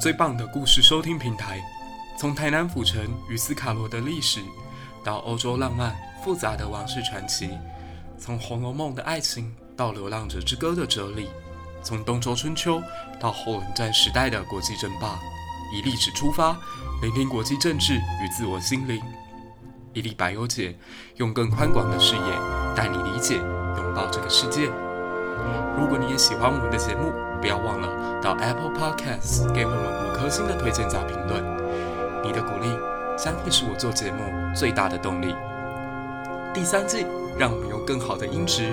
最棒的故事收聽平台，從台南府城與斯卡羅的歷史，到歐洲浪漫複雜的王室傳奇；從《紅樓夢》的愛情，到流浪者之歌的哲理；從東周春秋，到後冷戰時代的國際爭霸。以歷史出發，聆聽國際政治與自我心靈。一歷百憂解，用更寬廣的視野帶你理解、擁抱這個世界。如果你也喜歡我們的節目，不要忘了到 Apple Podcasts 給我們五顆星的推薦加評論。你的鼓勵將會是我做節目最大的動力。第三季，讓我們用更好的音質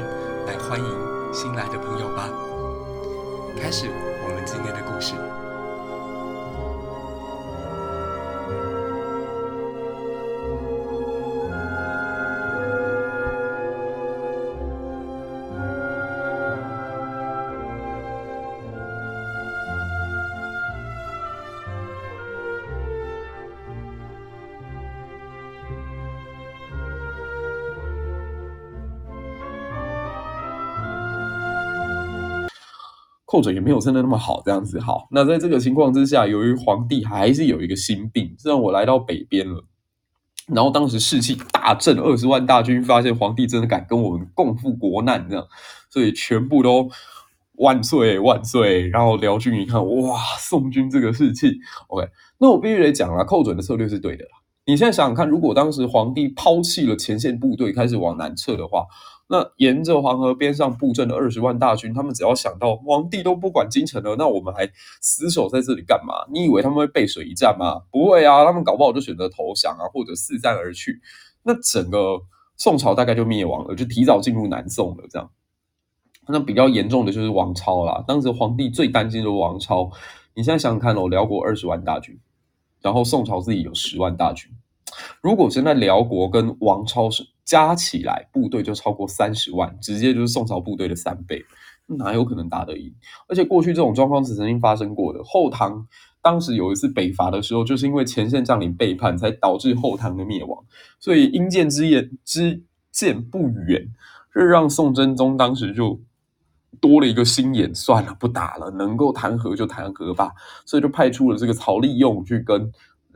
來歡迎新來的朋友吧。開始我們今天的故事。寇準也沒有真的那麼好，這樣子好。那在這個情況之下，由於皇帝還是有一個心病，雖然我來到北邊了，然後當時士氣大振，二十萬大軍發現皇帝真的敢跟我們共赴國難，這樣，所以全部都萬歲萬歲。然後遼軍一看，哇，宋軍這個士氣，OK。那我必須得講了啊，寇準的策略是對的啦。你現在想想看，如果當時皇帝拋棄了前線部隊，開始往南撤的話。那沿着黃河邊上布陣的二十萬大軍，他們只要想到皇帝都不管京城了，那我們還死守在這裡幹嘛？你以為他們會背水一戰嗎？不會啊，他們搞不好就選擇投降啊，或者四散而去。那整個宋朝大概就滅亡了，就提早進入南宋了。這樣，那比較嚴重的就是王超啦。當時皇帝最擔心的就是王超。你現在想想看哦，遼國二十萬大軍，然後宋朝自己有十萬大軍，如果現在遼國跟王超是。加起來，部隊就超過三十萬，直接就是宋朝部隊的三倍，哪有可能打得贏？而且過去這種狀況是曾經發生過的。後唐當時有一次北伐的時候，就是因為前線將領背叛，才導致後唐的滅亡。所以，因見之言之見不遠，這讓宋真宗當時就多了一個心眼，算了，不打了，能夠談和就談和吧。所以就派出了這個曹利用去跟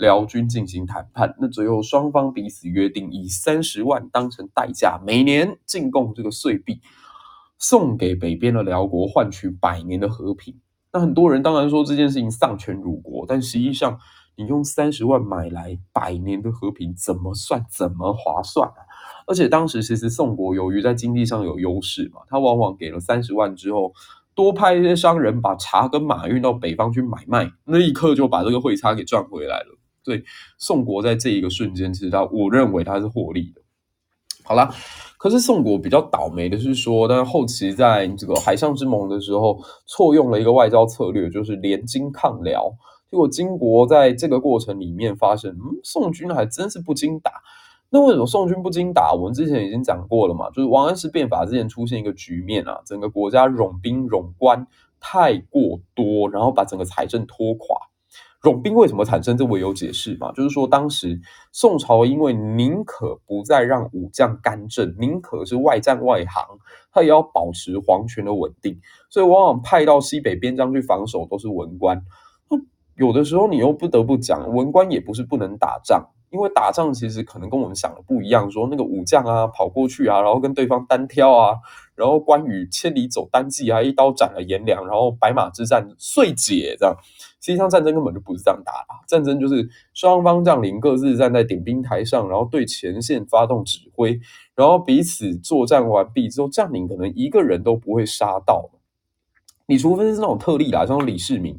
遼軍進行談判，那最後雙方彼此約定，以三十萬當成代價，每年進貢這個歲幣送給北邊的遼國，換取百年的和平。那很多人當然說這件事情喪權辱國，但實際上，你用三十萬買來百年的和平，怎麼算怎麼划算啊！而且當時其實宋國由於在經濟上有優勢嘛，他往往給了三十萬之後，多派一些商人把茶跟馬運到北方去買賣，那一刻就把這個匯差給賺回來了。對，宋國在這一個瞬間，其實他，我認為他是獲利的。好啦，可是宋國比較倒霉的是說，但是後期在這個海上之盟的時候，錯用了一個外交策略，就是聯金抗遼。結果金國在這個過程裡面發現，嗯，宋軍還真是不經打。那為什麼宋軍不經打？我們之前已經講過了嘛，就是王安石變法之前出現一個局面啊，整個國家冗兵冗官太過多，然後把整個財政拖垮。冗兵為什麼產生？這我也有解釋嘛，就是說當時宋朝因為寧可不再讓武將干政，寧可是外戰外行，他也要保持皇權的穩定，所以往往派到西北邊疆去防守都是文官。有的時候你又不得不講，文官也不是不能打仗，因為打仗其實可能跟我們想的不一樣，說那個武將啊跑過去啊，然後跟對方單挑啊。然後關羽千里走單騎啊，一刀斬了顏良，然後白馬之戰遂解這樣。實際上戰爭根本就不是這樣打的，戰爭就是雙方將領各自站在點兵台上，然後對前線發動指揮，然後彼此作戰完畢之後，將領可能一個人都不會殺到。你除非是那種特例啦，像李世民，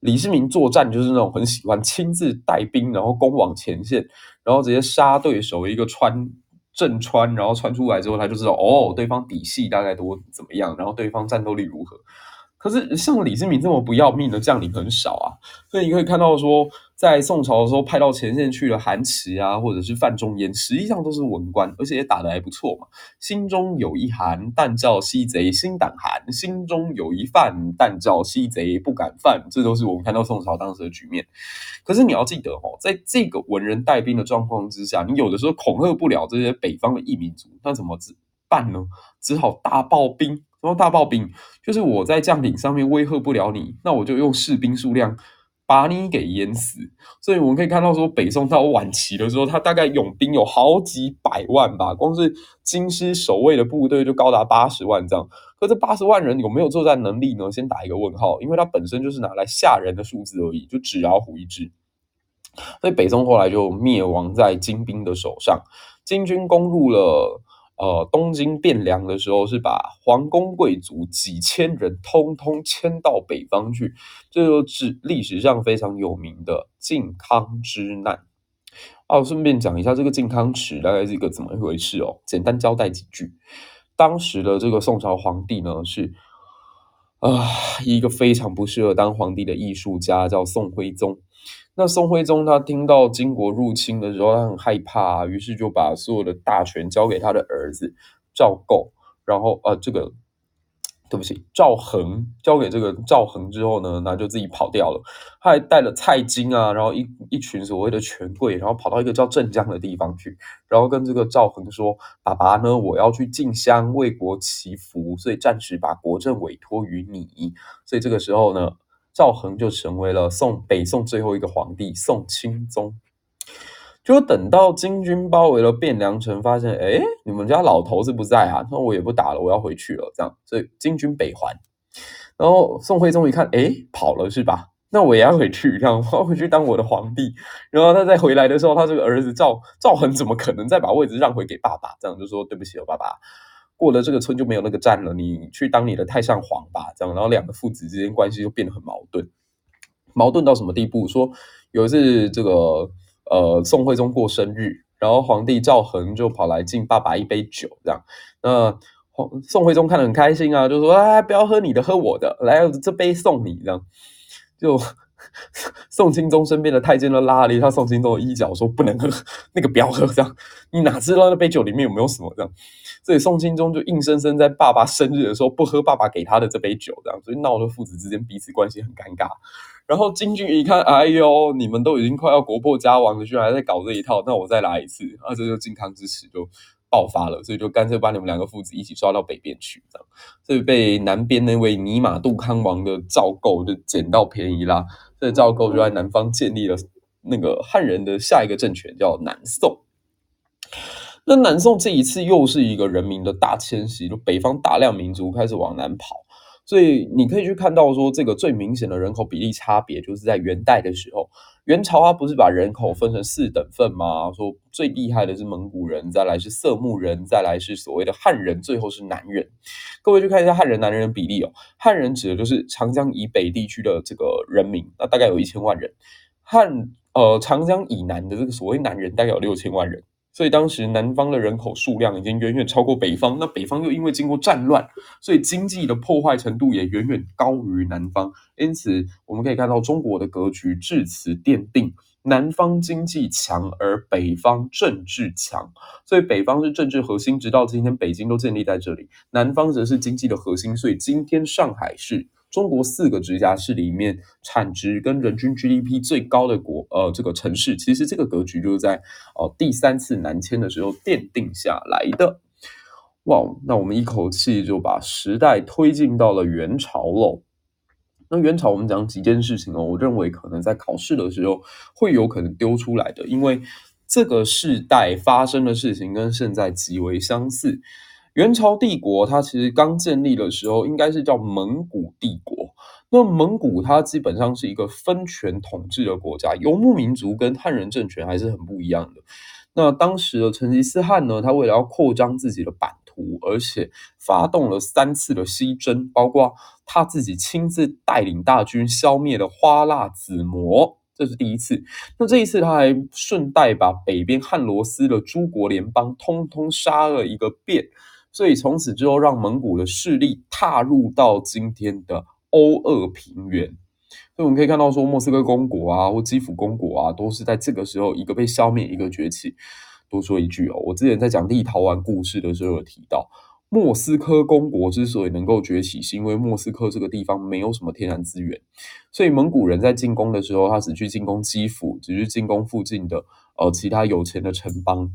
李世民作戰就是那種很喜歡親自帶兵，然後攻往前線，然後直接殺對手一個穿正穿，然後穿出來之後，他就知道哦，對方底細大概多怎麼樣，然後對方戰鬥力如何。可是像李世民這麼不要命的將領很少啊，所以你可以看到說，在宋朝的時候派到前線去的韓琦啊，或者是范仲淹，實際上都是文官，而且也打得還不錯嘛。心中有一韓，但叫西賊心膽寒；心中有一范，但叫西賊不敢犯。這都是我們看到宋朝當時的局面。可是你要記得哦，在這個文人帶兵的狀況之下，你有的時候恐嚇不了這些北方的異民族，那怎麼辦呢？只好大暴兵。然後大暴兵就是我在將領上面威嚇不了你，那我就用士兵數量把你給淹死。所以我們可以看到，說北宋到晚期的時候，他大概冗兵有好幾百萬吧，光是京師守衛的部隊就高達八十萬，這樣。可這八十萬人有沒有作戰能力呢？先打一個問號，因為它本身就是拿來嚇人的數字而已，就紙老虎一隻。所以北宋後來就滅亡在金兵的手上，金軍攻入了。呃，東京汴梁的時候，是把皇宮貴族幾千人通通遷到北方去，這就是歷史上非常有名的靖康之難。哦、啊，順便講一下這個靖康恥大概是一個怎麼一回事哦，簡單交代幾句。當時的這個宋朝皇帝呢是啊、呃、一個非常不適合當皇帝的藝術家，叫宋徽宗。那宋徽宗他聽到金國入侵的時候，他很害怕啊，於是就把所有的大權交給他的兒子趙構，然後呃，這個對不起，趙恆交給這個趙恆之後呢，那就自己跑掉了，他還帶了蔡京啊，然後一一群所謂的權貴，然後跑到一個叫鎮江的地方去，然後跟這個趙恆說：“爸爸呢，我要去進香為國祈福，所以暫時把國政委托於你。”所以這個時候呢。趙恆就成為了宋北宋最後一個皇帝宋欽宗，就等到金軍包圍了汴梁城，發現誒，你們家老頭子不在啊，那我也不打了，我要回去了。這樣，所以金軍北還，然後宋徽宗一看，誒，跑了是吧？那我也要回去，這樣我要回去當我的皇帝。然後他再回來的時候，他這個兒子趙趙恆怎麼可能再把位置讓回給爸爸？這樣就說對不起，我爸爸。過了這個村就沒有那個站了，你去當你的太上皇吧，這樣。然後兩個父子之間關係就變得很矛盾，矛盾到什麼地步？說有一次這個呃宋徽宗過生日，然後皇帝趙桓就跑來敬爸爸一杯酒，這樣。那、呃、皇宋徽宗看得很開心啊，就說：“哎、啊，不要喝你的，喝我的，來，這杯送你。”這樣，就 宋欽宗身邊的太監都拉住他宋欽宗的衣角，說：“不能喝，那個不要喝，這樣，你哪知道那杯酒裡面有沒有什麼？”這樣。所以宋欽宗就硬生生在爸爸生日的時候不喝爸爸給他的這杯酒，這樣，所以鬧得父子之間彼此關係很尷尬。然後金軍一看，哎呦，你們都已經快要國破家亡了，居然還在搞這一套，那我再來一次。啊，這就靖康之恥就爆發了。所以就乾脆把你們兩個父子一起抓到北邊去，這樣。所以被南邊那位泥馬渡康王的趙構就撿到便宜啦。所以趙構就在南方建立了那個漢人的下一個政權，叫南宋。那南宋這一次又是一個人民的大遷徙，就北方大量民族開始往南跑，所以你可以去看到說，這個最明顯的人口比例差別就是在元代的時候，元朝啊不是把人口分成四等份嗎？說最厲害的是蒙古人，再來是色目人，再來是所謂的漢人，最後是南人。各位去看一下漢人、南人的比例哦。漢人指的就是長江以北地區的這個人民，那大概有一千萬人；漢呃，長江以南的這個所謂南人，大概有六千萬人。所以當時南方的人口數量已經遠遠超過北方，那北方又因為經過戰亂，所以經濟的破壞程度也遠遠高於南方。因此，我們可以看到中國的格局至此奠定：南方經濟強而北方政治強，所以北方是政治核心，直到今天北京都建立在這裡；南方則是經濟的核心，所以今天上海是中國四個直轄市裡面產值跟人均 GDP 最高的國呃這個城市，其實這個格局就是在呃第三次南遷的時候奠定下來的。哇，那我們一口氣就把時代推進到了元朝嘍。那元朝我們講幾件事情哦，我認為可能在考試的時候會有可能丟出來的，因為這個世代發生的事情跟現在極為相似。元朝帝國，它其實剛建立的時候，應該是叫蒙古帝國。那蒙古它基本上是一個分權統治的國家，遊牧民族跟漢人政權還是很不一樣的。那當時的成吉思汗呢，他為了要擴張自己的版圖，而且發動了三次的西征，包括他自己親自帶領大軍消滅了花剌子模，這是第一次。那這一次他還順帶把北邊漢羅斯的諸國聯邦通通殺了一個遍。所以從此之後，讓蒙古的勢力踏入到今天的歐俄平原。所以我們可以看到，說莫斯科公國啊，或基輔公國啊，都是在這個時候一個被消滅，一個崛起。多說一句哦，我之前在講立陶宛故事的時候有提到，莫斯科公國之所以能夠崛起，是因為莫斯科這個地方沒有什麼天然資源，所以蒙古人在進攻的時候，他只去進攻基輔，只去進攻附近的呃其他有錢的城邦。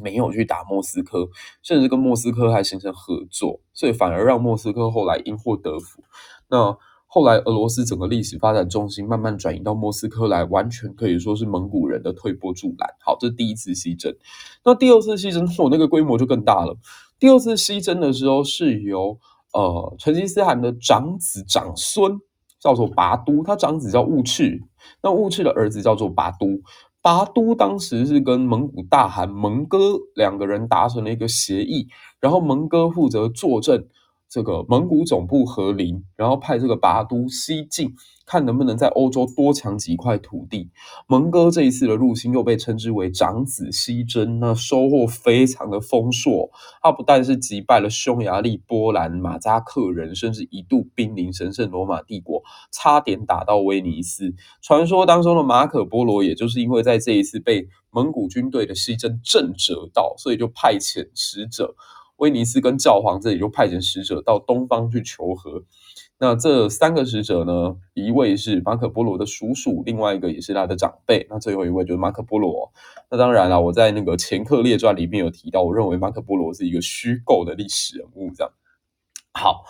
沒有去打莫斯科，甚至跟莫斯科還形成合作，所以反而讓莫斯科後來因禍得福。那後來俄羅斯整個歷史發展中心慢慢轉移到莫斯科來，完全可以說是蒙古人的推波助瀾。好，這是第一次西征。那第二次西征，我那個規模就更大了。第二次西征的時候，是由呃成吉思汗的長子長孫叫做拔都，他長子叫兀赤，那兀赤的兒子叫做拔都。阿都當時是跟蒙古大汗蒙哥兩個人達成了一個協議，然後蒙哥負責坐鎮這個蒙古總部和林，然後派這個拔都西進，看能不能在歐洲多搶幾塊土地。蒙哥這一次的入侵又被稱之為長子西征，那收穫非常的豐碩。他不但是擊敗了匈牙利、波蘭、馬扎克人，甚至一度瀕臨神聖羅馬帝國，差點打到威尼斯。傳說當中的馬可·波羅，也就是因為在這一次被蒙古軍隊的西征震折到，所以就派遣使者。威尼斯跟教皇這裡就派遣使者到東方去求和。那這三個使者呢，一位是馬可波羅的叔叔，另外一個也是他的長輩。那最後一位就是馬可波羅。那當然了，我在那個《前科列傳》裡面有提到，我認為馬可波羅是一個虛構的歷史人物。這樣。好，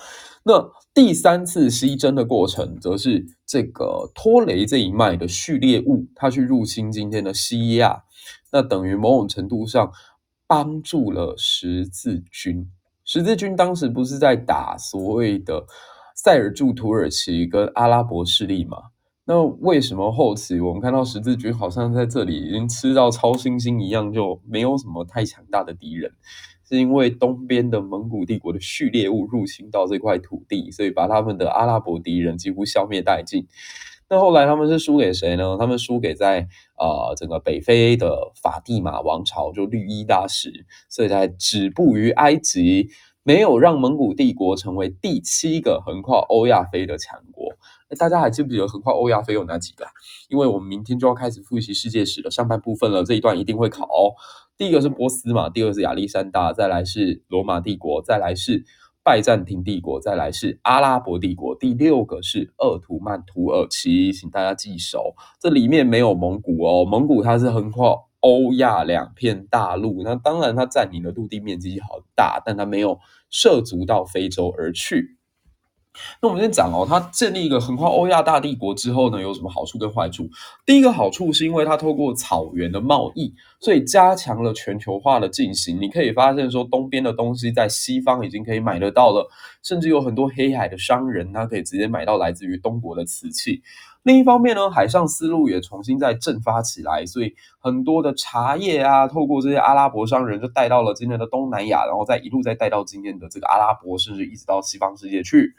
那第三次西征的過程，則是這個托雷這一脈的旭烈兀，他去入侵今天的西亞。那等於某種程度上。幫助了十字軍，十字軍當時不是在打所謂的塞爾柱土耳其跟阿拉伯勢力嗎？那為什麼後期我們看到十字軍好像在這裡已經吃到超新星一樣，就沒有什麼太強大的敵人？是因為東邊的蒙古帝國的旭烈兀入侵到這塊土地，所以把他們的阿拉伯敵人幾乎消滅殆盡。那後來他們是輸給誰呢？他們輸給在呃整個北非的法蒂瑪王朝，就綠衣大食，所以才止步於埃及，沒有讓蒙古帝國成為第七個橫跨歐亞非的強國。那、欸、大家還記不記得橫跨歐亞非有哪幾個？因為我們明天就要開始複習世界史的上半部分了，這一段一定會考。哦。第一個是波斯嘛，第二是亞歷山大，再來是羅馬帝國，再來是。拜占庭帝國，再來是阿拉伯帝國，第六個是鄂圖曼土耳其，請大家記熟。這裡面沒有蒙古哦，蒙古它是橫跨歐亞兩片大陸，那當然它佔領的陸地面積好大，但它沒有涉足到非洲而去。那我們先講哦，他建立一個橫跨歐亞大帝國之後呢，有什麼好處跟壞處？第一個好處是因為它透過草原的貿易，所以加強了全球化的進行。你可以發現說，東邊的東西在西方已經可以買得到了，甚至有很多黑海的商人，他可以直接買到來自於東國的瓷器。另一方面呢，海上絲路也重新在振發起來，所以很多的茶葉啊，透過這些阿拉伯商人就帶到了今天的東南亞，然後再一路再帶到今天的這個阿拉伯，甚至一直到西方世界去。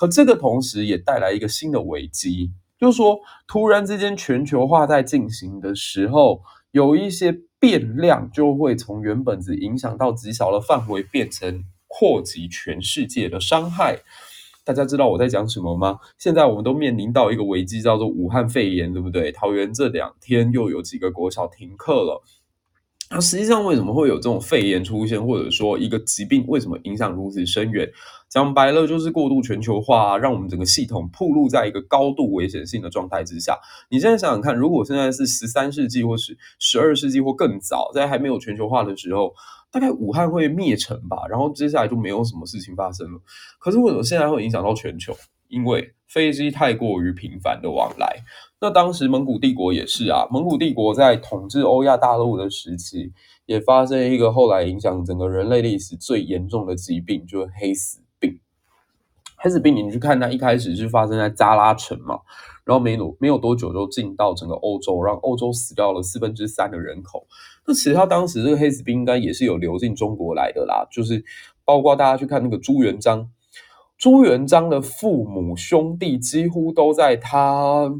和這個同時也帶來一個新的危機，就是說，突然之間全球化在進行的時候，有一些變量就會從原本只影響到極小的範圍，變成擴及全世界的傷害。大家知道我在講什麼嗎？現在我們都面臨到一個危機，叫做武漢肺炎，對不對？桃園這兩天又有幾個國小停課了。那實際上為什麼會有這種肺炎出現，或者說一個疾病為什麼影響如此深遠？講白了就是過度全球化，讓我們整個系統暴露在一個高度危險性的狀態之下。你現在想想看，如果現在是十三世紀或是十二世紀或更早，在還沒有全球化的時候，大概武漢會滅城吧，然後接下來就沒有什麼事情發生了。可是為什麼現在會影響到全球？因為飛機太過於頻繁的往來。那當時蒙古帝國也是啊，蒙古帝國在統治歐亞大陸的時期，也發生一個後來影響整個人類歷史最嚴重的疾病，就是黑死病。黑死病，你去看它，一開始是發生在扎拉城嘛，然後沒有，沒有多久就進到整個歐洲，讓歐洲死掉了四分之三的人口。那其實它當時這個黑死病應該也是有流進中國來的啦，就是包括大家去看那個朱元璋，朱元璋的父母兄弟幾乎都在他。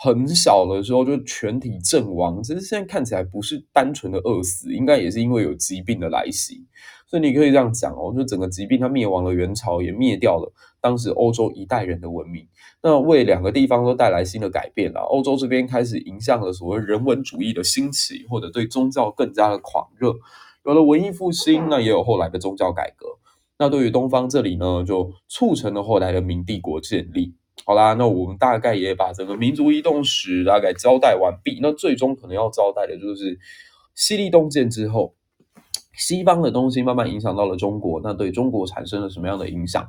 很小的時候就全體陣亡，其實現在看起來不是單純的餓死，應該也是因為有疾病的來襲。所以你可以這樣講哦，就整個疾病它滅亡了元朝，也滅掉了當時歐洲一代人的文明。那為兩個地方都帶來新的改變了。歐洲這邊開始迎向了所謂人文主義的興起，或者對宗教更加的狂熱，有了文藝復興，那也有後來的宗教改革。那對於東方這裡呢，就促成了後來的明帝國建立。好啦，那我們大概也把整個民族移動史大概交代完畢。那最終可能要交代的就是西力東漸之後，西方的東西慢慢影響到了中國，那對中國產生了什麼樣的影響？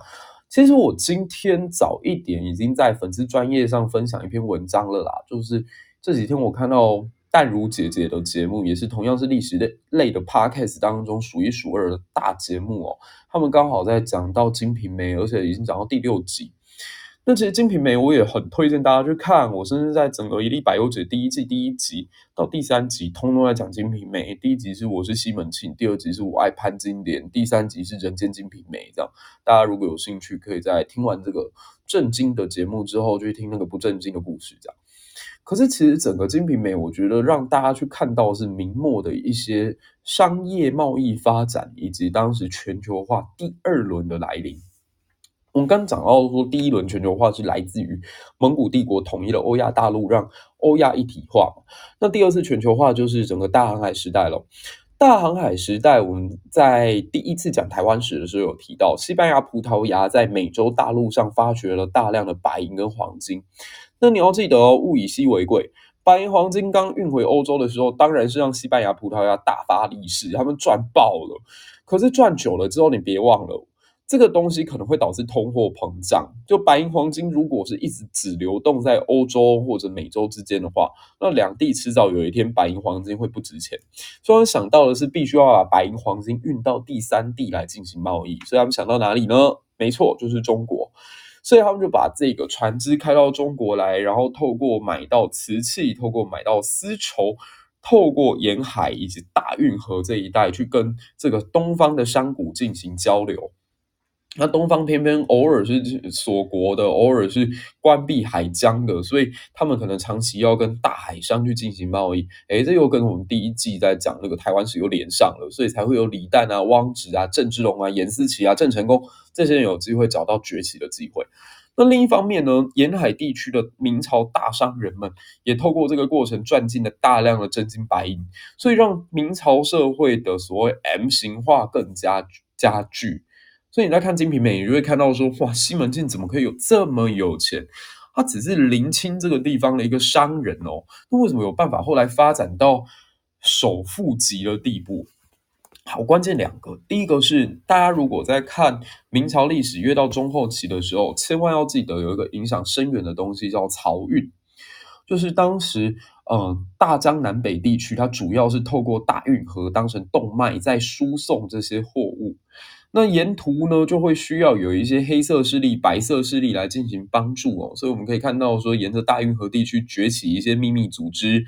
其實我今天早一點已經在粉絲專頁上分享一篇文章了啦，就是這幾天我看到淡如姐姐的節目，也是同樣是歷史類類的 podcast 當中數一數二的大節目哦、喔。他們剛好在講到《金瓶梅》，而且已經講到第六集。那其實《金瓶梅》我也很推薦大家去看，我甚至在整個《一歷百憂解》第一季第一集到第三集，通通在講《金瓶梅》。第一集是我是西門慶，第二集是我愛潘金蓮，第三集是人間金瓶梅。這樣，大家如果有興趣，可以在聽完這個正經的節目之後，去聽那個不正經的故事。這樣。可是，其實整個《金瓶梅》，我覺得讓大家去看到是明末的一些商業貿易發展，以及當時全球化第二輪的來臨。我們剛剛講到說，第一輪全球化是來自於蒙古帝國統一了歐亞大陸，讓歐亞一體化。那第二次全球化就是整個大航海時代了。大航海時代，我們在第一次講臺灣史的時候有提到，西班牙、葡萄牙在美洲大陸上發掘了大量的白銀跟黃金。那你要記得哦，物以稀為貴，白銀、黃金剛運回歐洲的時候，當然是讓西班牙、葡萄牙大發利市，他們賺爆了。可是賺久了之後，你別忘了。這個東西可能會導致通貨膨脹。就白銀、黃金，如果是一直只流動在歐洲或者美洲之間的話，那兩地遲早有一天，白銀、黃金會不值錢。所以他們想到的是，必須要把白銀、黃金運到第三地來進行貿易。所以他們想到哪裡呢？沒錯，就是中國。所以他們就把這個船隻開到中國來，然後透過買到瓷器，透過買到絲綢，透過沿海以及大運河這一帶，去跟這個東方的商賈進行交流。那東方偏偏，偏偶爾是鎖國的，偶爾是關閉海疆的，所以他們可能長期要跟大海商去進行貿易。誒、欸，這又跟我們第一季在講那個台灣史又連上了，所以才會有李旦啊、汪直啊、鄭芝龍啊、顏思齊啊、鄭成功這些人有機會找到崛起的機會。那另一方面呢，沿海地區的明朝大商人們也透過這個過程賺進了大量的真金白銀，所以讓明朝社會的所謂 M 型化更加加劇。所以你在看《金瓶梅》，你就會看到說，哇，西門慶怎麼可以有這麼有錢？他只是臨清這個地方的一個商人哦。那為什麼有辦法後來發展到首富級的地步？好，關鍵兩個。第一個是大家如果在看明朝歷史，越到中後期的時候，千萬要記得有一個影響深遠的東西叫漕運，就是當時嗯、呃，大江南北地區，它主要是透過大運河當成動脈，在輸送這些貨物。那沿途呢，就會需要有一些黑色勢力、白色勢力來進行幫助哦。所以我們可以看到，說沿着大運河地區崛起一些秘密組織，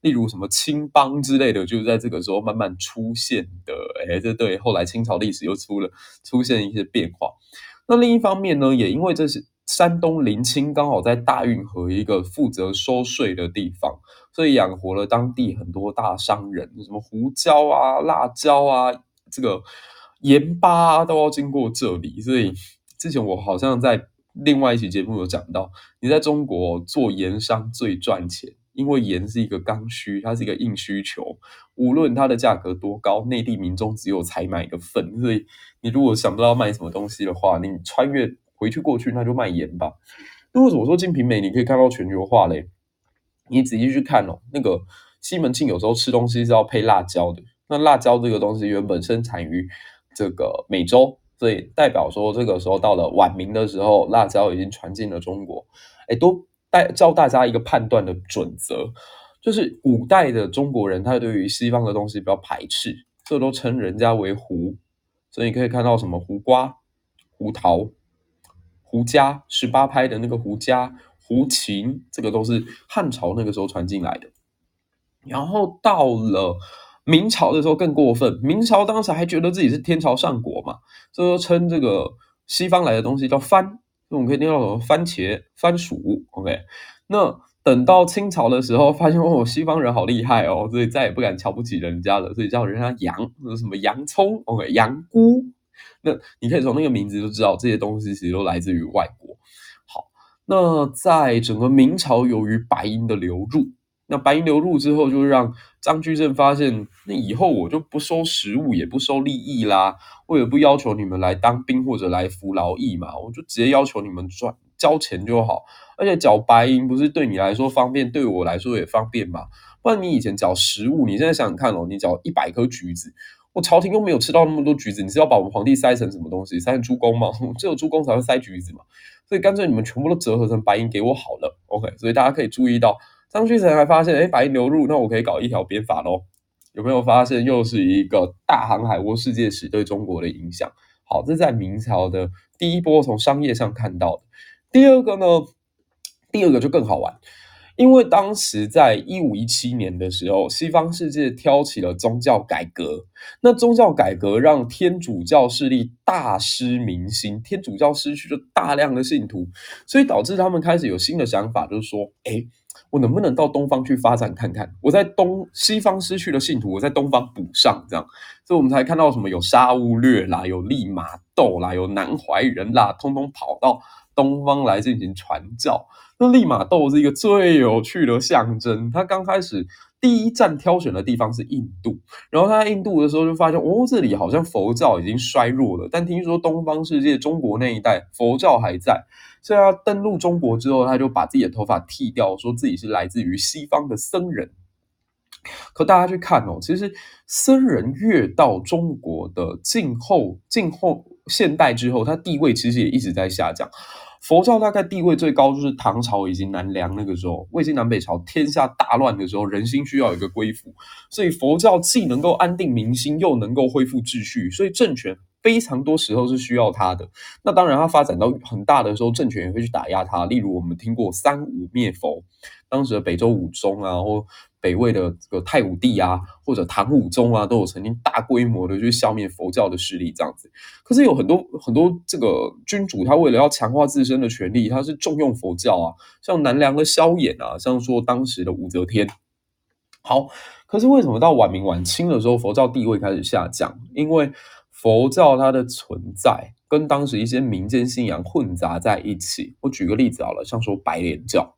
例如什麼青幫之類的，就是在這個時候慢慢出現的。誒、哎，這對後來清朝歷史又出了出現一些變化。那另一方面呢，也因為這是山東臨清剛好在大運河一個負責收稅的地方，所以養活了當地很多大商人，什麼胡椒啊、辣椒啊，這個。鹽巴、啊、都要經過這裡，所以之前我好像在另外一期節目有講到，你在中國做鹽商最賺錢，因為鹽是一個剛需，它是一個硬需求，無論它的價格多高，內地民眾只有才買一個份。所以你如果想不到賣什麼東西的話，你穿越回去過去，那就賣鹽吧。那為什麼說《金瓶梅》，你可以看到全球化嘞？你仔細去看哦，那個西門慶有時候吃東西是要配辣椒的，那辣椒這個東西原本生產於。這個美洲，所以代表說，這個時候到了晚明的時候，辣椒已經傳進了中國。哎，都帶教大家一個判斷的準則，就是古代的中國人他對於西方的東西比較排斥，這都稱人家為胡。所以你可以看到什麼胡瓜、胡桃、胡笳，十八拍的那個胡笳、胡琴，這個都是漢朝那個時候傳進來的。然後到了。明朝的時候更過分，明朝當時還覺得自己是天朝上國嘛，所以說稱這個西方來的東西叫番，我們可以聽到什麼番茄、番薯，OK？那等到清朝的時候，發現哦，西方人好厲害哦，所以再也不敢瞧不起人家了，所以叫人家洋，什麼洋蔥，OK？洋菇，那你可以從那個名字就知道這些東西其實都來自於外國。好，那在整個明朝，由於白銀的流入。那白銀流入之後，就讓張居正發現，那以後我就不收實物，也不收利益啦。我也不要求你們來當兵或者來服勞役嘛，我就直接要求你們賺交錢就好。而且繳白銀不是對你來說方便，對我來說也方便嘛。不然你以前繳實物，你現在想想看哦，你繳一百顆橘子，我朝廷又沒有吃到那麼多橘子，你是要把我們皇帝塞成什麼東西？塞成豬公嗎？只有豬公才會塞橘子嘛。所以乾脆你們全部都折合成白銀給我好了。OK，所以大家可以注意到。張居正還發現，哎、欸，白銀流入，那我可以搞一條鞭法咯。有沒有發現，又是一個大航海、窩世界史對中國的影響？好，這在明朝的第一波從商業上看到的。第二個呢，第二個就更好玩，因為當時在一五一七年的時候，西方世界挑起了宗教改革。那宗教改革讓天主教勢力大失民心，天主教失去了大量的信徒，所以導致他們開始有新的想法，就是說，哎、欸。我能不能到東方去發展看看？我在東西方失去了信徒，我在東方補上。這樣，所以我們才看到什麼有沙勿略啦，有利瑪竇啦，有南懷仁啦，通通跑到東方來進行傳教。那利瑪竇是一個最有趣的象徵，他剛開始第一站挑選的地方是印度，然後他在印度的時候就發現，哦，這裡好像佛教已經衰弱了，但聽說東方世界中國那一帶佛教還在。所以他登陸中國之後，他就把自己的頭髮剃掉，說自己是來自於西方的僧人。可大家去看哦，其實僧人越到中國的晉後、晉後、現代之後，他地位其實也一直在下降。佛教大概地位最高就是唐朝以及南梁那個時候，魏晉南北朝天下大亂的時候，人心需要一個歸附，所以佛教既能夠安定民心，又能夠恢復秩序，所以政權。非常多時候是需要它的。那當然，它發展到很大的時候，政權也會去打壓它。例如，我們聽過“三武滅佛”，當時的北周武宗啊，或北魏的這個太武帝啊，或者唐武宗啊，都有曾經大規模的去消滅佛教的勢力這樣子。可是有很多很多這個君主，他為了要強化自身的權力，他是重用佛教啊，像南梁的蕭衍啊，像說當時的武則天。好，可是為什麼到晚明晚清的時候，佛教地位開始下降？因為佛教它的存在跟當時一些民間信仰混雜在一起。我舉個例子好了，像說白蓮教，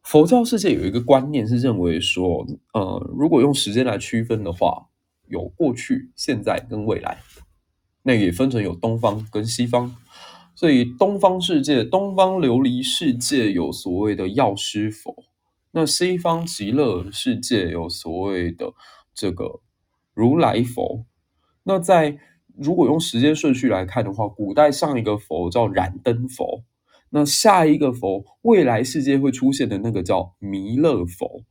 佛教世界有一個觀念是認為說，呃，如果用時間來區分的話，有過去、現在跟未來，那也分成有東方跟西方。所以東方世界，東方琉璃世界有所謂的藥師佛；那西方極樂世界有所謂的這個如來佛。那在如果用時間順序來看的話，古代上一個佛叫燃燈佛，那下一個佛，未來世界會出現的那個叫彌勒佛。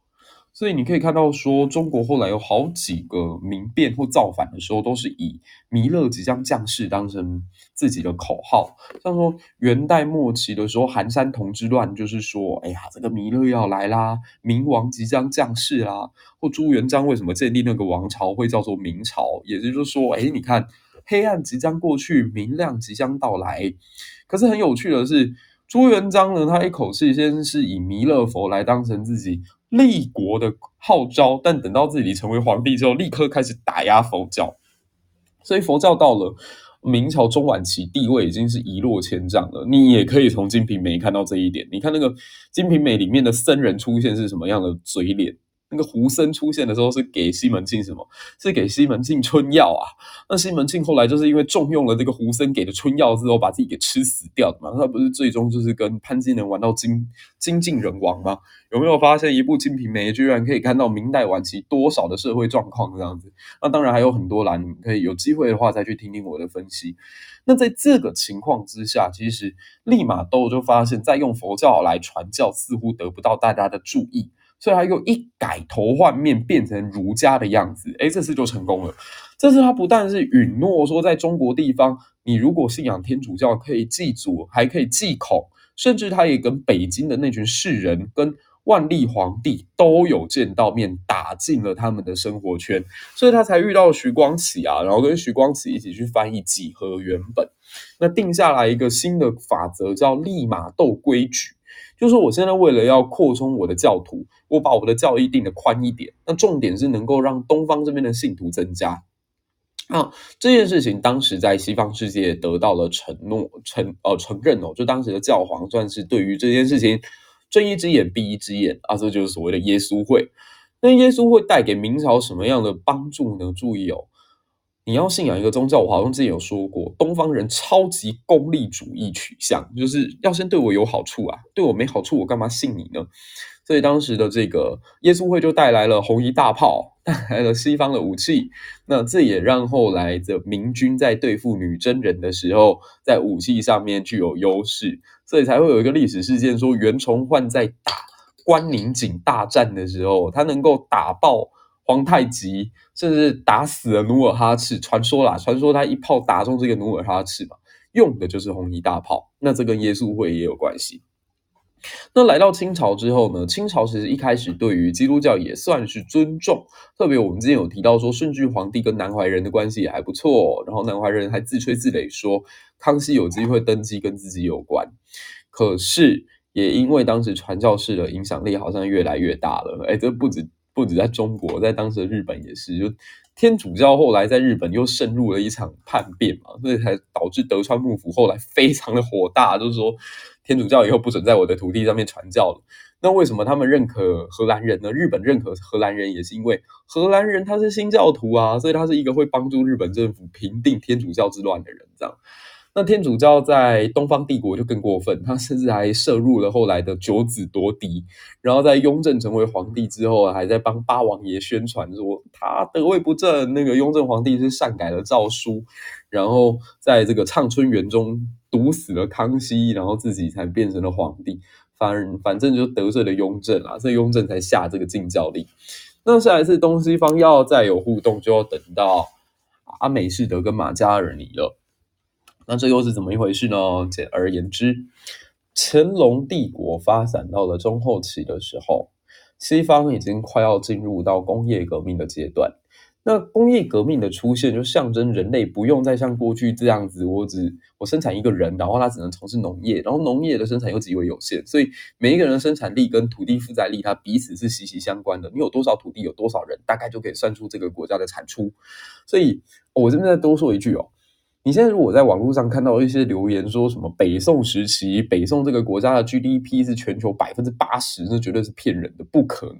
所以你可以看到，說中國後來有好幾個民變或造反的時候，都是以彌勒即將降世當成自己的口號。像說元代末期的時候，韓山童之亂，就是說，哎呀，這個彌勒要來啦，明王即將降世啦。或朱元璋為什麼建立那個王朝會叫做明朝？也就是說，哎，你看黑暗即將過去，明亮即將到來。可是很有趣的是，朱元璋呢，他一口氣先是以彌勒佛來當成自己。立國的號召，但等到自己成為皇帝之後，立刻開始打壓佛教，所以佛教到了明朝中晚期，地位已經是一落千丈了。你也可以從《金瓶梅》看到這一點。你看那個《金瓶梅》裡面的僧人出現是什麼樣的嘴臉？那個胡僧出現的時候是給西門慶什麼？是給西門慶春藥啊？那西門慶後來就是因為重用了這個胡僧給的春藥之後，把自己給吃死掉的嘛？他不是最終就是跟潘金蓮玩到精精盡人亡嗎？有沒有發現一部《金瓶梅》居然可以看到明代晚期多少的社會狀況這樣子？那當然還有很多欄，你們可以有機會的話再去聽聽我的分析。那在這個情況之下，其實利瑪竇就發現，在用佛教來傳教似乎得不到大家的注意。所以他又一改頭換面，變成儒家的樣子，哎，這次就成功了。這次他不但是允諾說，在中國地方，你如果信仰天主教，可以祭祖，還可以祭孔，甚至他也跟北京的那群士人，跟萬曆皇帝都有見到面，打進了他們的生活圈。所以他才遇到徐光啟啊，然後跟徐光啟一起去翻譯《幾何原本》，那定下來一個新的法則，叫“利瑪竇規矩”。就是我現在為了要擴充我的教徒，我把我的教義定的寬一點。那重點是能夠讓東方這邊的信徒增加。啊，這件事情當時在西方世界得到了承諾、承呃承認哦，就當時的教皇算是對於這件事情睜一只眼閉一只眼啊。這就是所謂的耶穌會。那耶穌會帶給明朝什麼樣的幫助呢？注意哦。你要信仰一個宗教，我好像之前有說過，東方人超級功利主義取向，就是要先對我有好處啊，對我沒好處，我幹嘛信你呢？所以當時的這個耶穌會就帶來了紅衣大炮，帶來了西方的武器，那這也讓後來的明軍在對付女真人的時候，在武器上面具有優勢，所以才會有一個歷史事件，說袁崇煥在打關寧錦大戰的時候，他能夠打爆。皇太極甚至打死了努爾哈赤，傳說啦，傳說他一炮打中這個努爾哈赤嘛，用的就是紅衣大炮。那這跟耶穌會也有關係。那來到清朝之後呢，清朝其實一開始對於基督教也算是尊重，特別我們之前有提到說，順治皇帝跟南懷仁的關係也還不錯哦，然後南懷仁還自吹自擂說康熙有機會登基跟自己有關。可是也因為當時傳教士的影響力好像越來越大了，哎，欸，這不止。不止在中國，在當時的日本也是，就天主教後來在日本又滲入了一場叛變嘛，所以才導致德川幕府後來非常的火大，就是說天主教以後不准在我的土地上面傳教了。那為什麼他們認可荷蘭人呢？日本認可荷蘭人也是因為荷蘭人他是新教徒啊，所以他是一個會幫助日本政府平定天主教之亂的人，這樣。那天主教在東方帝國就更過分，他甚至還涉入了後來的九子奪嫡。然後在雍正成為皇帝之後，還在幫八王爺宣傳說他得位不正，那個雍正皇帝是擅改了詔書，然後在這個暢春園中毒死了康熙，然後自己才變成了皇帝。反反正就得罪了雍正啊，所以雍正才下這個禁教令。那下一次東西方要再有互動，就要等到阿美士德跟馬戛爾尼了。那這又是怎麼一回事呢？簡而言之，乾隆帝國發展到了中後期的時候，西方已經快要進入到工業革命的階段。那工業革命的出現，就象徵人類不用再像過去這樣子，我只我生產一個人，然後他只能從事農業，然後農業的生產又極為有限，所以每一個人的生產力跟土地負載力，它彼此是息息相關的。你有多少土地，有多少人，大概就可以算出這個國家的產出。所以，哦，我這邊再多說一句哦。你現在如果在網絡上看到一些留言，說什麼北宋時期北宋這個國家的 GDP 是全球百分之八十，那絕對是騙人的，不可能。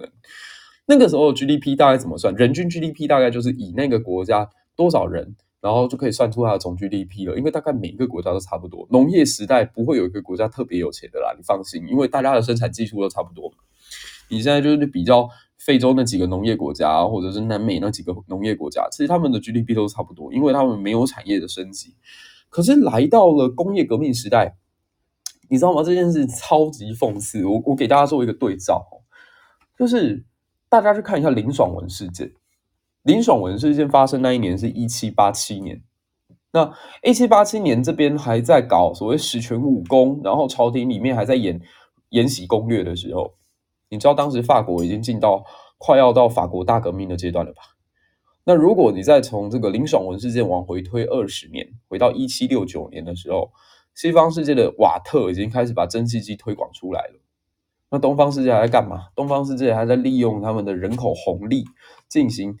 那個時候 GDP 大概怎麼算？人均 GDP 大概就是以那個國家多少人，然後就可以算出它的總 GDP 了，因為大概每一個國家都差不多。農業時代不會有一個國家特別有錢的啦，你放心，因為大家的生產技術都差不多，你現在就是比較。非洲那幾個農業國家，或者是南美那幾個農業國家，其實他們的 GDP 都差不多，因為他們沒有產業的升級。可是來到了工業革命時代，你知道嗎？這件事超級諷刺。我我給大家做一個對照哦，就是大家去看一下林爽文事件。林爽文事件發生那一年是一七八七年，那一七八七年這邊還在搞所謂十全武功，然後朝廷裡面還在演《延禧攻略》的時候，你知道當時法國已經進到快要到法國大革命的階段了吧？那如果你再從這個林爽文事件往回推二十年，回到一七六九年的時候，西方世界的瓦特已經開始把蒸汽機推廣出來了。那東方世界還在幹嘛？東方世界還在利用他們的人口紅利進行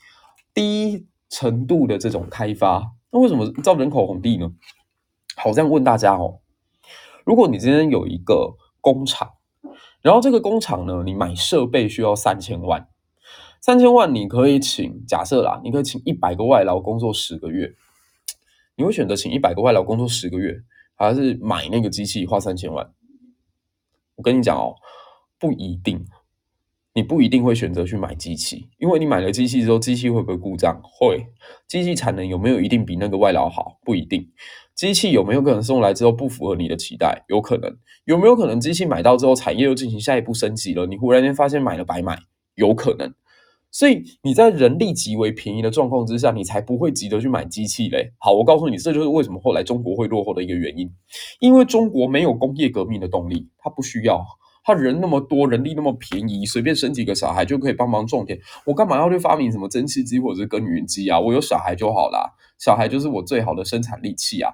低程度的這種開發。那為什麼叫人口紅利呢？好，這樣問大家哦：如果你今天有一個工廠，然後這個工廠呢，你買設備需要三千萬，三千萬你可以請，假設啦，你可以請一百個外勞工作十個月，你會選擇請一百個外勞工作十個月，還是買那個機器花三千萬？我跟你講哦，不一定。你不一定會選擇去買機器，因為你買了機器之後，機器會不會故障？會。機器產能有沒有一定比那個外勞好？不一定。機器有沒有可能送來之後不符合你的期待？有可能。有沒有可能機器買到之後產業又進行下一步升級了？你忽然間發現買了白買？有可能。所以你在人力極為便宜的狀況之下，你才不會急着去買機器嘞。好，我告訴你，這就是為什麼後來中國會落後的一個原因，因為中國沒有工業革命的動力，它不需要。他人那麼多，人力那麼便宜，隨便生幾個小孩就可以幫忙種田。我幹嘛要去發明什麼蒸汽機或者是耕耘機啊？我有小孩就好啦，小孩就是我最好的生產利器啊！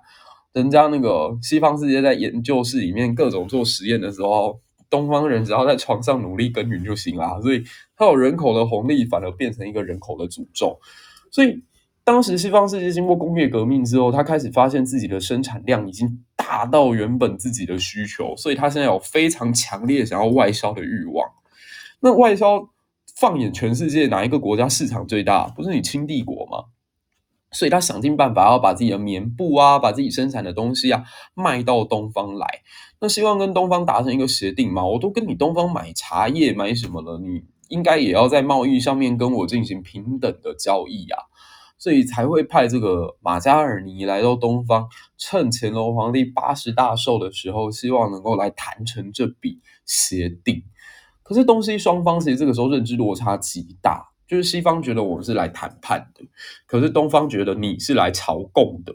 人家那個西方世界在研究室裡面各種做實驗的時候，東方人只要在床上努力耕耘就行啦。所以，他有人口的紅利，反而變成一個人口的詛咒。所以，當時西方世界經過工業革命之後，他開始發現自己的生產量已經。大到原本自己的需求，所以他現在有非常強烈想要外銷的慾望。那外銷，放眼全世界，哪一個國家市場最大？不是你清帝國嗎？所以他想盡辦法要把自己的棉布啊，把自己生產的東西啊賣到東方來。那希望跟東方達成一個協定嘛？我都跟你東方買茶葉，買什麼了？你應該也要在貿易上面跟我進行平等的交易呀，啊。所以才會派這個馬戛爾尼來到東方，趁乾隆皇帝八十大壽的時候，希望能夠來談成這筆協定。可是東西雙方其實這個時候認知落差極大，就是西方覺得我們是來談判的，可是東方覺得你是來朝貢的，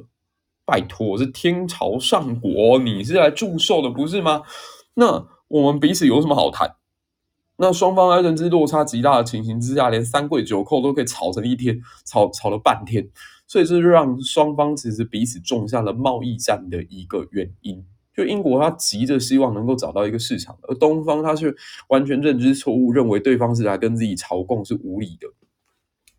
拜托是天朝上國，你是來祝壽的，不是嗎？那我們彼此有什麼好談？那雙方認知落差極大的情形之下，連三跪九叩都可以吵成一天，吵吵了半天，所以這是讓雙方其實彼此種下了貿易戰的一個原因。就英國，他急着希望能夠找到一個市場，而東方他卻完全認知錯誤，認為對方是來跟自己朝貢是無理的。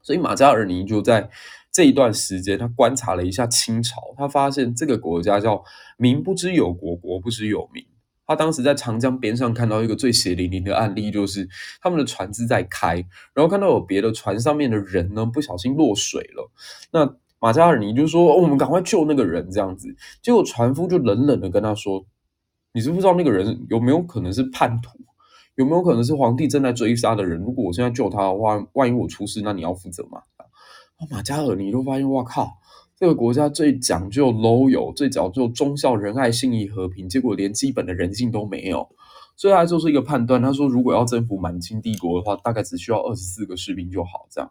所以馬戛爾尼就在這一段時間，他觀察了一下清朝，他發現這個國家叫“民不知有國，國不知有民”。他當時在長江邊上看到一個最血淋淋的案例，就是他們的船隻在開，然後看到有別的船上面的人呢，不小心落水了。那馬加爾尼就說：“哦，我們趕快救那個人這樣子，結果船夫就冷冷的跟他說：“你知不知道那個人有沒有可能是叛徒，有沒有可能是皇帝正在追殺的人？如果我現在救他的話，萬一我出事，那你要負責嗎？”哦，馬加爾尼都發現哇靠！這個國家最講究 loyal，最講究忠孝仁愛信義和平，結果連基本的人性都沒有。所以他做出一個判斷，他說如果要征服滿清帝國的話，大概只需要二十四個士兵就好。這樣，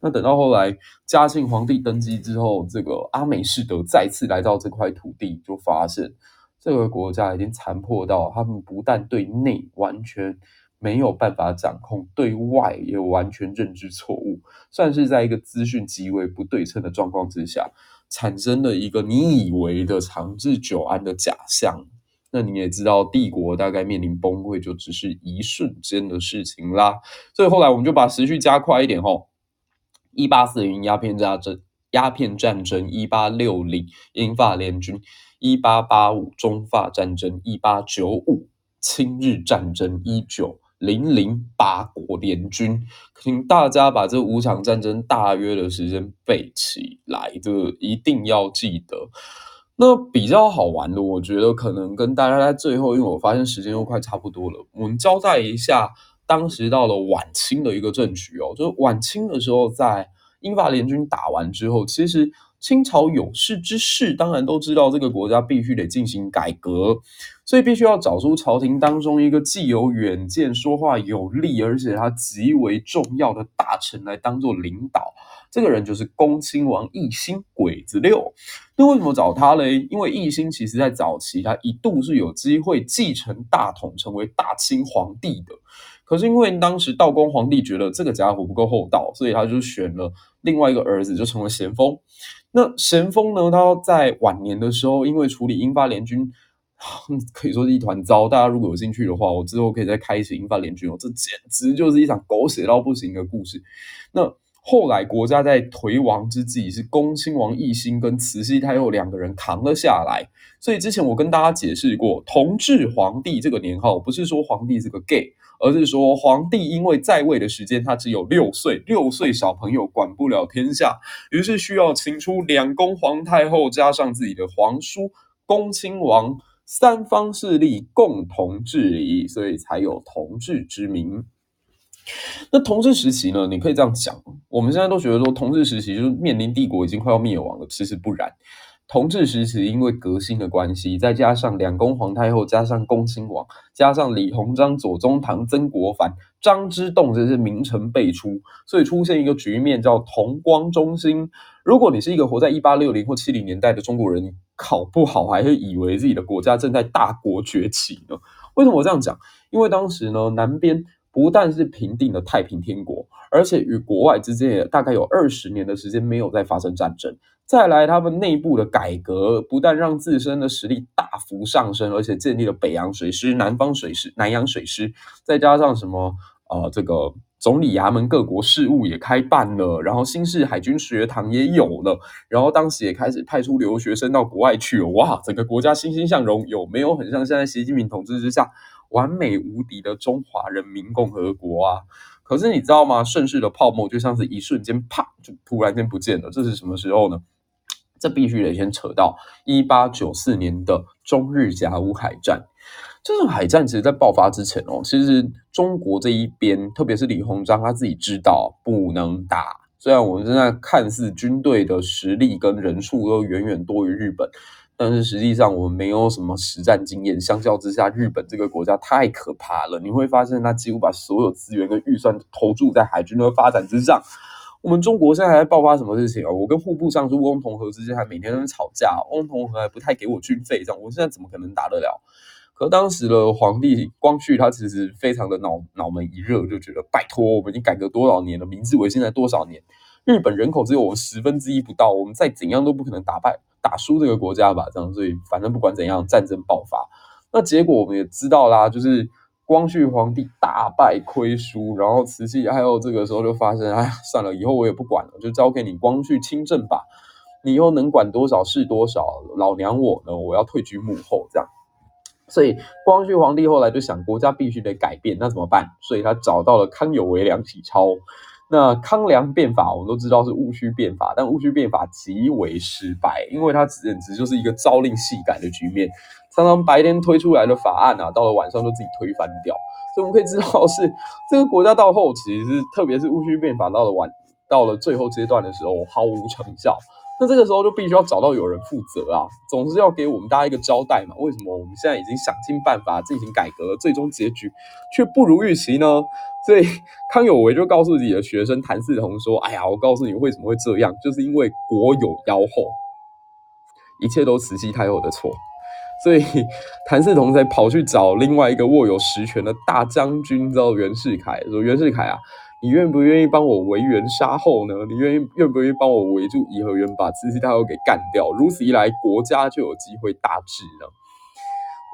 那等到後來嘉慶皇帝登基之後，這個阿美士德再次來到這塊土地，就發現這個國家已經殘破到他們不但對內完全。沒有辦法掌控，對外也完全認知錯誤，算是在一個資訊極為不對稱的狀況之下，產生了一個你以為的長治久安的假象。那你也知道，帝國大概面臨崩潰就只是一瞬間的事情啦。所以後來我們就把時序加快一點哦。一八四零鴉片戰爭，鴉片戰爭；一八六零英法聯軍；一八八五中法戰爭；一八九五清日戰爭；一九零零八國聯軍，請大家把這五場戰爭大約的時間背起來，的一定要記得。那比較好玩的，我覺得可能跟大家在最後，因為我發現時間又快差不多了，我們交代一下當時到了晚清的一個政局哦，就是晚清的時候，在英法聯軍打完之後，其實。清朝有識之士當然都知道這個國家必須得進行改革，所以必須要找出朝廷當中一個既有遠見、說話有力，而且他極為重要的大臣來當做領導。這個人就是恭親王奕訢，鬼子六。那為什麼找他嘞？因為奕訢其實在早期他一度是有機會繼承大統，成為大清皇帝的。可是因為當時道光皇帝覺得這個家伙不夠厚道，所以他就選了另外一個兒子，就成為咸豐。那咸豐呢？他在晚年的時候，因為處理英法聯軍，可以說是一團糟。大家如果有興趣的話，我之後可以再開一些英法聯軍哦，這簡直就是一場狗血到不行的故事。那。後來國家在頹亡之際，是恭親王奕訢跟慈禧太后兩個人扛了下來。所以之前我跟大家解釋過，同治皇帝這個年號不是說皇帝是個 gay，而是說皇帝因為在位的時間他只有六歲，六歲小朋友管不了天下，於是需要請出兩宮皇太后加上自己的皇叔恭親王三方勢力共同治理，所以才有同治之名。那同治時期呢？你可以這樣講，我們現在都覺得說，同治時期就是面臨帝國已經快要滅亡了。其實不然，同治時期因為革新的關係，再加上兩宮皇太後，加上恭親王，加上李鴻章、左宗棠、曾國藩、張之洞，這些名臣輩出，所以出現一個局面叫同光中興。如果你是一個活在一八六零或七零年代的中國人，考不好還會以為自己的國家正在大國崛起呢？為什麼我這樣講？因為當時呢，南邊，不但是平定了太平天國，而且與國外之間也大概有二十年的時間沒有再發生戰爭。再來，他們內部的改革不但讓自身的實力大幅上升，而且建立了北洋水師、南方水師、南洋水師，再加上什麼呃，這個總理衙門各國事務也開辦了，然後新式海軍學堂也有了，然後當時也開始派出留學生到國外去了。哇，整個國家欣欣向榮，有沒有很像現在習近平統治之下？完美無敵的中華人民共和國啊！可是你知道嗎？盛世的泡沫就像是一瞬間，啪，就突然間不見了。這是什麼時候呢？這必須得先扯到一八九四年的中日甲午海戰。這種海戰其實，在爆發之前哦，其實中國這一邊，特別是李鴻章他自己知道不能打。雖然我們現在看似軍隊的實力跟人數都遠遠多於日本。但是實際上我們沒有什麼實戰經驗，相較之下，日本這個國家太可怕了。你會發現，他幾乎把所有資源跟預算投注在海軍的發展之上。我們中國現在還在爆發什麼事情啊？我跟戶部尚書翁同龢之間還每天都在吵架，翁同龢還不太給我軍費，這樣我現在怎麼可能打得了？可當時的皇帝光緒他其實非常的腦腦門一熱，就覺得拜託，我們已經改革多少年了，明治維新才多少年？日本人口只有我們十分之一不到，我們再怎樣都不可能打敗。打輸這個國家吧，這樣，所以反正不管怎樣，戰爭爆發，那結果我們也知道啦，就是光緒皇帝大敗虧輸，然後慈禧還有這個時候就發現，哎呀，算了，以後我也不管了，就交給你光緒親政吧，你以後能管多少是多少，老娘我呢，我要退居幕後，這樣，所以光緒皇帝後來就想，國家必須得改變，那怎麼辦？所以他找到了康有為、梁啟超。那康梁變法，我們都知道是戊戌變法，但戊戌變法極為失敗，因為它簡直就是一個朝令夕改的局面，常常白天推出來的法案啊，到了晚上就自己推翻掉，所以我們可以知道是這個國家到後期是，特別是戊戌變法到了晚，到了最後階段的時候毫無成效。那這個時候就必須要找到有人負責啊，總是要給我們大家一個交代嘛。為什麼我們現在已經想盡辦法進行改革了，最終結局卻不如預期呢？所以康有為就告訴自己的學生譚嗣同說：“哎呀，我告訴你為什麼會這樣，就是因為國有妖後，一切都慈禧太後的錯。”所以譚嗣同才跑去找另外一個握有實權的大將軍，叫袁世凱說：“袁世凱啊。”你願不願意幫我圍園殺後呢？你願意願不願意幫我圍住頤和園，把慈禧太后給幹掉？如此一來，國家就有機會大治了。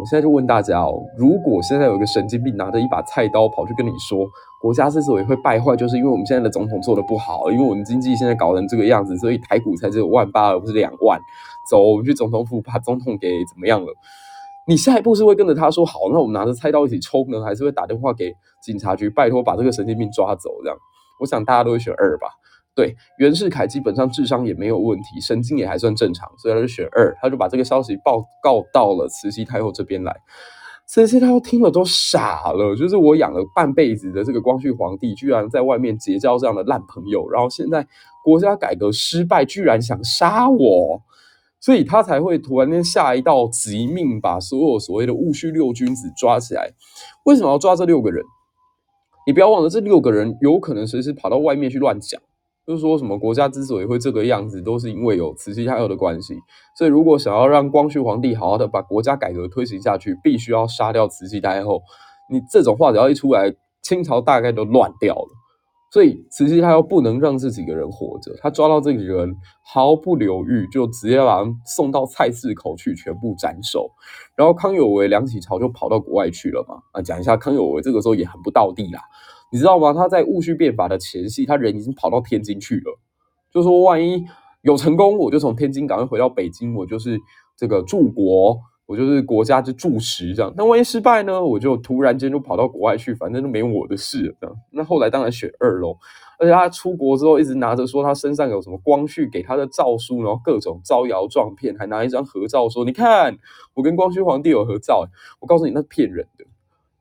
我現在就問大家哦，如果現在有個神經病拿着一把菜刀跑去跟你說，國家之所以會敗壞，就是因為我們現在的總統做得不好，因為我們經濟現在搞成這個樣子，所以台股才只有萬八而不是兩萬。走，我們去總統府，把總統給怎麼樣了？你下一步是會跟着他說好，那我們拿着菜刀一起衝呢，還是會打電話給警察局，拜託把這個神經病抓走？這樣，我想大家都會選二吧。對，袁世凱基本上智商也沒有問題，神經也還算正常，所以他就選二，他就把這個消息報告到了慈禧太后這邊來。慈禧太后聽了都傻了，就是我養了半輩子的這個光緒皇帝，居然在外面結交這樣的爛朋友，然後現在國家改革失敗，居然想殺我。所以他才會突然間下一道急命，把所有所謂的戊戌六君子抓起來。為什麼要抓這六個人？你不要忘了，這六個人有可能隨時跑到外面去亂講，就是說什麼國家之所以會這個樣子，都是因為有慈禧太後的關係。所以，如果想要讓光緒皇帝好好的把國家改革推行下去，必須要殺掉慈禧太後。你這種話只要一出來，清朝大概都亂掉了。所以慈禧太後不能讓這幾個人活着，她抓到這幾個人毫不猶豫，就直接把他們送到菜市口去，全部斬首。然後康有為、梁啟超就跑到國外去了嘛。啊，講一下康有為這個時候也很不道地啦，你知道嗎？他在戊戌變法的前夕，他人已經跑到天津去了，就是說萬一有成功，我就從天津趕快回到北京，我就是這個柱國。我就是國家之柱石這樣，那萬一失敗呢？我就突然間就跑到國外去，反正都沒我的事了。了、啊、那後來當然選二嘍。而且他出國之後，一直拿着說他身上有什麼光緒給他的詔書，然後各種招搖撞騙，還拿一張合照說：“你看，我跟光緒皇帝有合照。”我告訴你那是騙人的，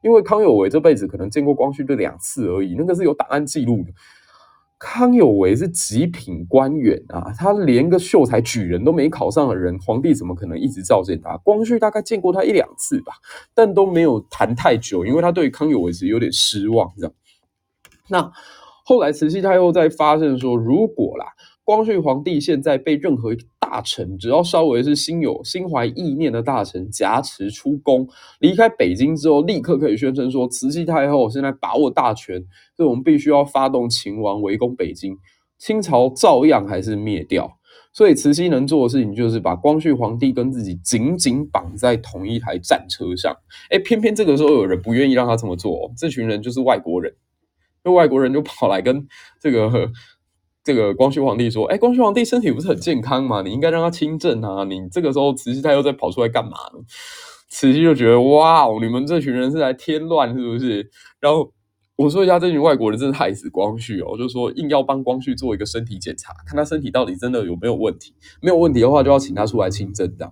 因為康有為這輩子可能見過光緒帝兩次而已，那個是有檔案記錄的。康有為是極品官員啊，他連個秀才舉人都沒考上的人，皇帝怎麼可能一直召見他？光緒大概見過他一兩次吧，但都沒有談太久，因為他對康有為是有點失望這樣。那後來慈禧太后再發現說，如果啦。光緒皇帝現在被任何一個大臣，只要稍微是心有心懷意念的大臣挾持出宮，離開北京之後，立刻可以宣稱說慈禧太后現在把握大權，所以我們必須要發動勤王圍攻北京，清朝照樣還是滅掉。所以慈禧能做的事情就是把光緒皇帝跟自己緊緊綁在同一台戰車上。誒，偏偏這個時候有人不願意讓他這麼做哦，這群人就是外國人，那外國人就跑來跟這個。這個光緒皇帝說：“誒、欸、光緒皇帝身體不是很健康嘛？你應該讓他親政啊！你這個時候慈禧太後在跑出來幹嘛呢？”慈禧就覺得：“哇、哦，你們這群人是來添亂是不是？”然後我說一下，這群外國人真是害死光緒哦！我就說，硬要幫光緒做一個身體檢查，看他身體到底真的有沒有問題。沒有問題的話，就要請他出來親政的。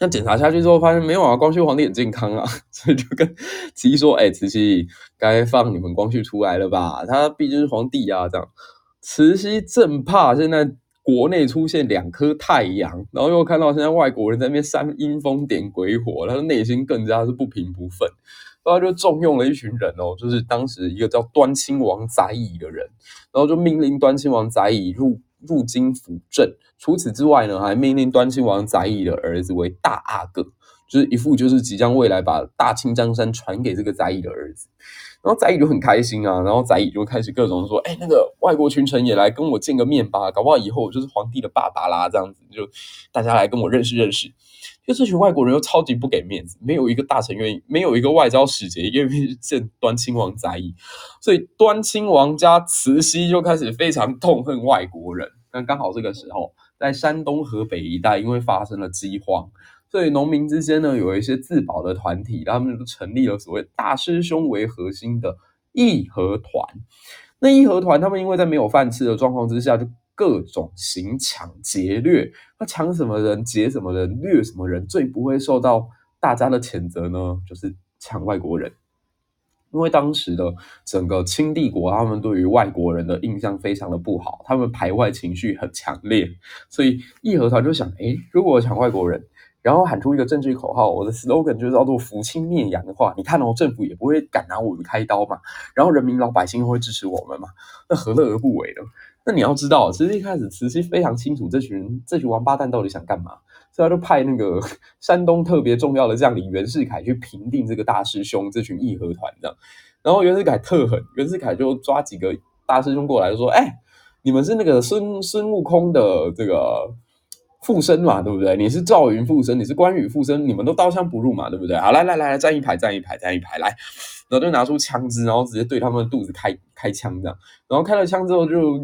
那檢查下去之後，發現沒有啊，光緒皇帝很健康啊，所以就跟慈禧說：“哎、欸，慈禧，該放你們光緒出來了吧？他畢竟是皇帝呀、啊。”這樣。慈禧正怕現在國內出現兩顆太陽，然後又看到現在外國人在那邊煽陰風點鬼火，他的內心更加是不平不忿，然後就重用了一群人哦，就是當時一個叫端親王載漪的人，然後就命令端親王載漪入入京輔政。除此之外呢，還命令端親王載漪的兒子為大阿哥，就是一副就是即將未來把大清江山傳給這個載漪的兒子。然後載漪就很開心啊，然後載漪就開始各種說，哎，那個外國群臣也來跟我見個面吧，搞不好以後我就是皇帝的爸爸啦，這樣子就大家來跟我認識認識。就這群外國人又超級不給面子，沒有一個大臣願意，沒有一個外交使節願意去見端親王載漪，所以端親王加慈禧就開始非常痛恨外國人。但剛好這個時候，在山東、河北一帶因為發生了饑荒。所以農民之間呢，有一些自保的團體，他們就成立了所謂“大師兄”為核心的義和團。那義和團他們因為在沒有飯吃的狀況之下，就各種行搶劫掠。那搶什麼人？劫什麼人？掠什麼人？最不會受到大家的譴責呢，就是搶外國人。因為當時的整個清帝國，他們對於外國人的印象非常的不好，他們排外情緒很強烈。所以義和團就想：誒，如果搶外國人？然後喊出一個政治口號，我的 slogan 就叫做“扶清滅洋”的話，你看哦，政府也不會敢拿我們開刀嘛，然後人民老百姓會支持我們嘛，那何樂而不為呢？那你要知道，其實一開始慈禧非常清楚這群這群王八蛋到底想幹嘛，所以他就派那個山東特別重要的將領袁世凱去平定這個大師兄這群義和團這樣。然後袁世凱特狠，袁世凱就抓幾個大師兄過來，就說：“哎，你們是那個孫孫悟空的這個。”附身嘛，對不對？你是趙雲附身，你是關羽附身，你們都刀槍不入嘛，對不對？啊來來來來，站一排，站一排，站一排，來，然後就拿出槍支，然後直接對他們的肚子開開槍，這樣，然後開了槍之後就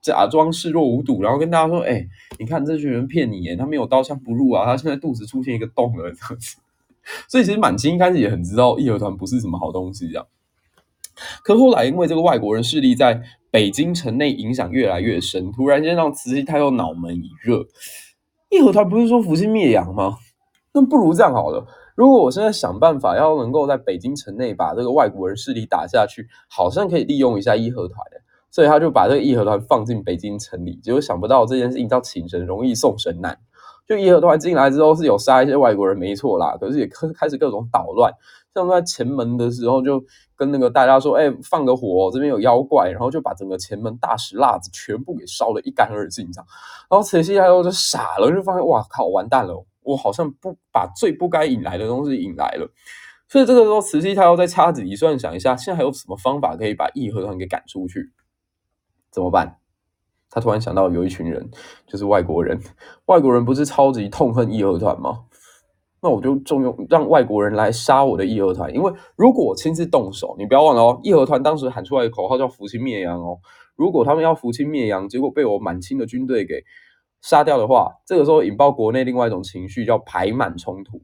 假裝視若無睹，然後跟大家說：“哎、欸，你看這群人騙你耶，他沒有刀槍不入啊，他現在肚子出現一個洞了。”這樣子，所以其實滿清一開始也很知道義和團不是什麼好東西，這樣，可後來因為這個外國人勢力在北京城內影響越來越深，突然間讓慈禧太后腦門一熱。義和團不是說扶清滅洋嗎？那不如這樣好了，如果我現在想辦法要能夠在北京城內把這個外國人勢力打下去，好像可以利用一下義和團，所以他就把這個義和團放進北京城裡，結果想不到這件事情叫請神容易送神難，就義和團進來之後是有殺一些外國人沒錯啦，可是也開開始各種搗亂。像在前門的時候，就跟那個大家說：“哎、欸，放個火，這邊有妖怪。”然後就把整個前門大柵欄全部給燒得一乾二淨，然後慈禧太後就傻了，就發現：“哇靠，完蛋了！我好像不把最不該引來的東西引來了。”所以這個時候慈他又再插自己，慈禧太後在掐指一算，想一下，現在還有什麼方法可以把義和團給趕出去？怎麼辦？她突然想到，有一群人，就是外國人。外國人不是超級痛恨義和團嗎？那我就重用讓外國人來殺我的義和團，因為如果我親自動手，你不要忘了哦，義和團當時喊出來的口號叫“扶清滅洋”哦。如果他們要扶清滅洋，結果被我滿清的軍隊給殺掉的話，這個時候引爆國內另外一種情緒叫“排滿衝突”。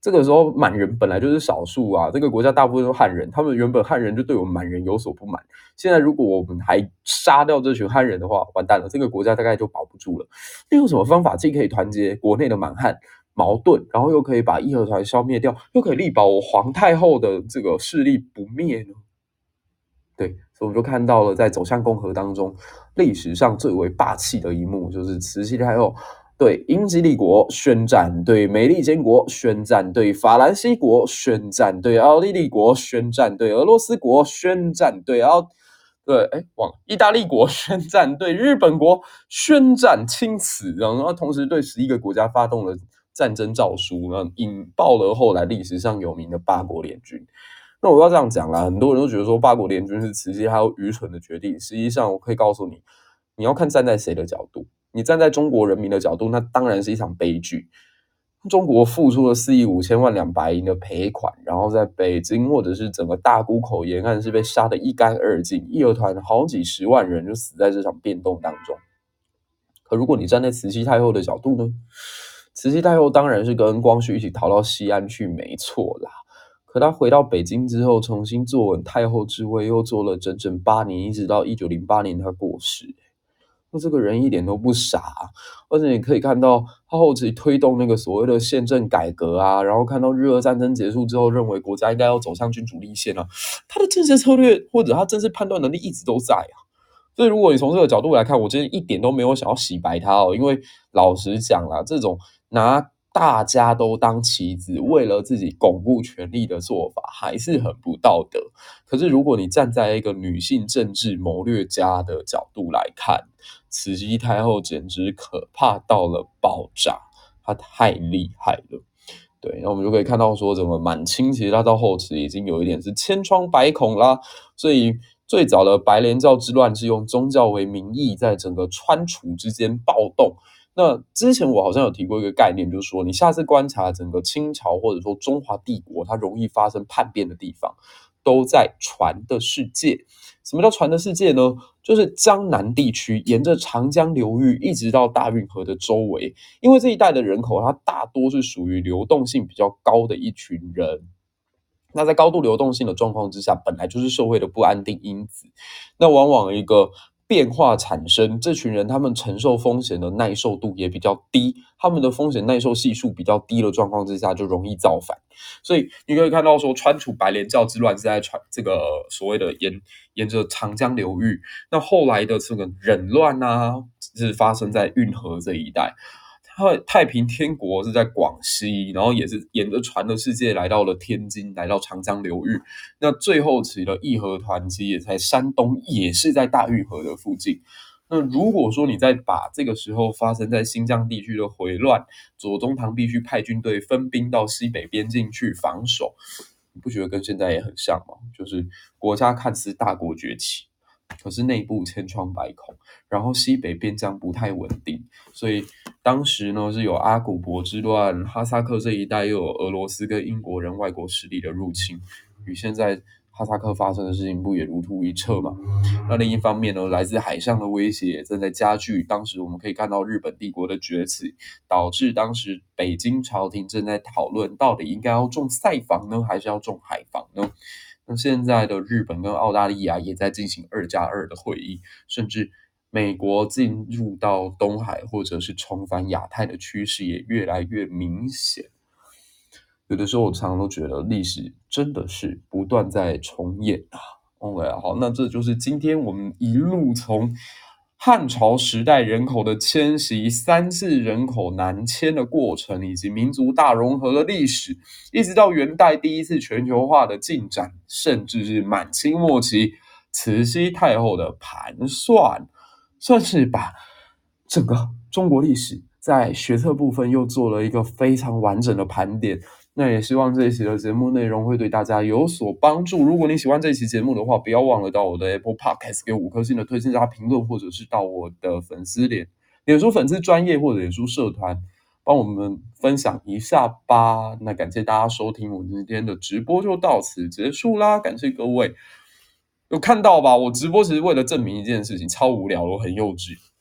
這個時候滿人本來就是少數啊，這個國家大部分都是漢人，他們原本漢人就對我們滿人有所不滿，現在如果我們還殺掉這群漢人的話，完蛋了，這個國家大概就保不住了。你用什麼方法既可以團結國內的滿漢？矛盾，然後又可以把義和團消滅掉，又可以力保我皇太後的這個勢力不滅呢？對，所以我們就看到了在走向共和當中，歷史上最為霸氣的一幕，就是慈禧太后對英吉利國宣戰，對美利堅國宣戰，對法蘭西國宣戰，對奧地利、利國宣戰，對俄羅斯國宣戰，對，然後對哎，忘了意大利國宣戰，對日本國宣戰，欽此。然後同時對十一個國家發動了戰爭詔書呢，引爆了後來歷史上有名的八國聯軍。那我要這樣講啦，很多人都覺得說八國聯軍是慈禧太后愚蠢的決定。實際上，我可以告訴你，你要看站在誰的角度。你站在中國人民的角度，那當然是一場悲劇。中國付出了四億五千萬兩白銀的賠款，然後在北京或者是整個大沽口沿岸是被殺的一乾二淨，義和團好幾十萬人就死在這場變動當中。可如果你站在慈禧太後的角度呢？慈禧太后當然是跟光緒一起逃到西安去，沒錯啦。可她回到北京之後，重新坐穩太后之位，又做了整整八年，一直到一九零八年她過世。那這個人一點都不傻啊，而且你可以看到，她後期推動那個所謂的憲政改革啊，然後看到日俄戰爭結束之後，認為國家應該要走向君主立憲啊，她的政治策略或者她政治判斷能力一直都在啊。所以如果你從這個角度來看，我真的一點都沒有想要洗白她哦，因為老實講啦，這種。拿大家都當棋子，為了自己鞏固權力的做法還是很不道德。可是，如果你站在一個女性政治謀略家的角度來看，慈禧太后簡直可怕到了爆炸，她太厲害了。對，那我們就可以看到說滿，怎麼滿清其實它到後期已經有一點是千瘡百孔啦。所以，最早的白蓮教之亂是用宗教為名義，在整個川楚之間暴動。那之前我好像有提過一個概念，就是說，你下次觀察整個清朝或者說中華帝國，它容易發生叛變的地方，都在船的世界。什麼叫船的世界呢？就是江南地區，沿着長江流域一直到大運河的周圍，因為這一帶的人口，它大多是屬於流動性比較高的一群人。那在高度流動性的狀況之下，本來就是社會的不安定因子。那往往一個。變化產生，這群人他們承受風險的耐受度也比較低，他們的風險耐受系數比較低的狀況之下，就容易造反。所以你可以看到說川楚白蓮教之亂是在川這個所謂的沿沿着長江流域，那後來的這個捻亂啊，是發生在運河這一帶。他太平天國是在廣西，然後也是沿着船的世界來到了天津，來到長江流域。那最後起的義和團，其實也在山東，也是在大運河的附近。那如果說你再把這個時候發生在新疆地區的回亂，左宗棠必須派軍隊分兵到西北邊境去防守，你不覺得跟現在也很像嗎？就是國家看似大國崛起。可是內部千瘡百孔，然後西北邊疆不太穩定，所以當時呢是有阿古柏之亂，哈薩克這一帶又有俄羅斯跟英國人外國勢力的入侵，與現在哈薩克發生的事情不也如出一轍嗎？那另一方面呢，來自海上的威脅也正在加劇，當時我們可以看到日本帝國的崛起，導致當時北京朝廷正在討論到底應該要重塞防呢，還是要重海防呢？現在的日本跟澳大利亞也在進行二加二的會議，甚至美國進入到東海或者是重返亞太的趨勢也越來越明顯。有的時候我常常都覺得歷史真的是不斷在重演啊。OK，好，那這就是今天我們一路從。漢朝時代人口的遷徙、三次人口南遷的過程，以及民族大融合的歷史，一直到元代第一次全球化的進展，甚至是滿清末期慈禧太後的盤算，算是把整個中國歷史在學測部分又做了一個非常完整的盤點。那也希望這一期的節目內容會對大家有所幫助。如果你喜歡這一期節目的話，不要忘了到我的 Apple Podcast 給五顆星的推薦加評論，或者是到我的粉絲臉臉書粉絲專業或者臉書社團幫我們分享一下吧。那感謝大家收聽，我今天的直播就到此結束啦，感謝各位。有看到吧？我直播其實為了證明一件事情，超無聊，我很幼稚。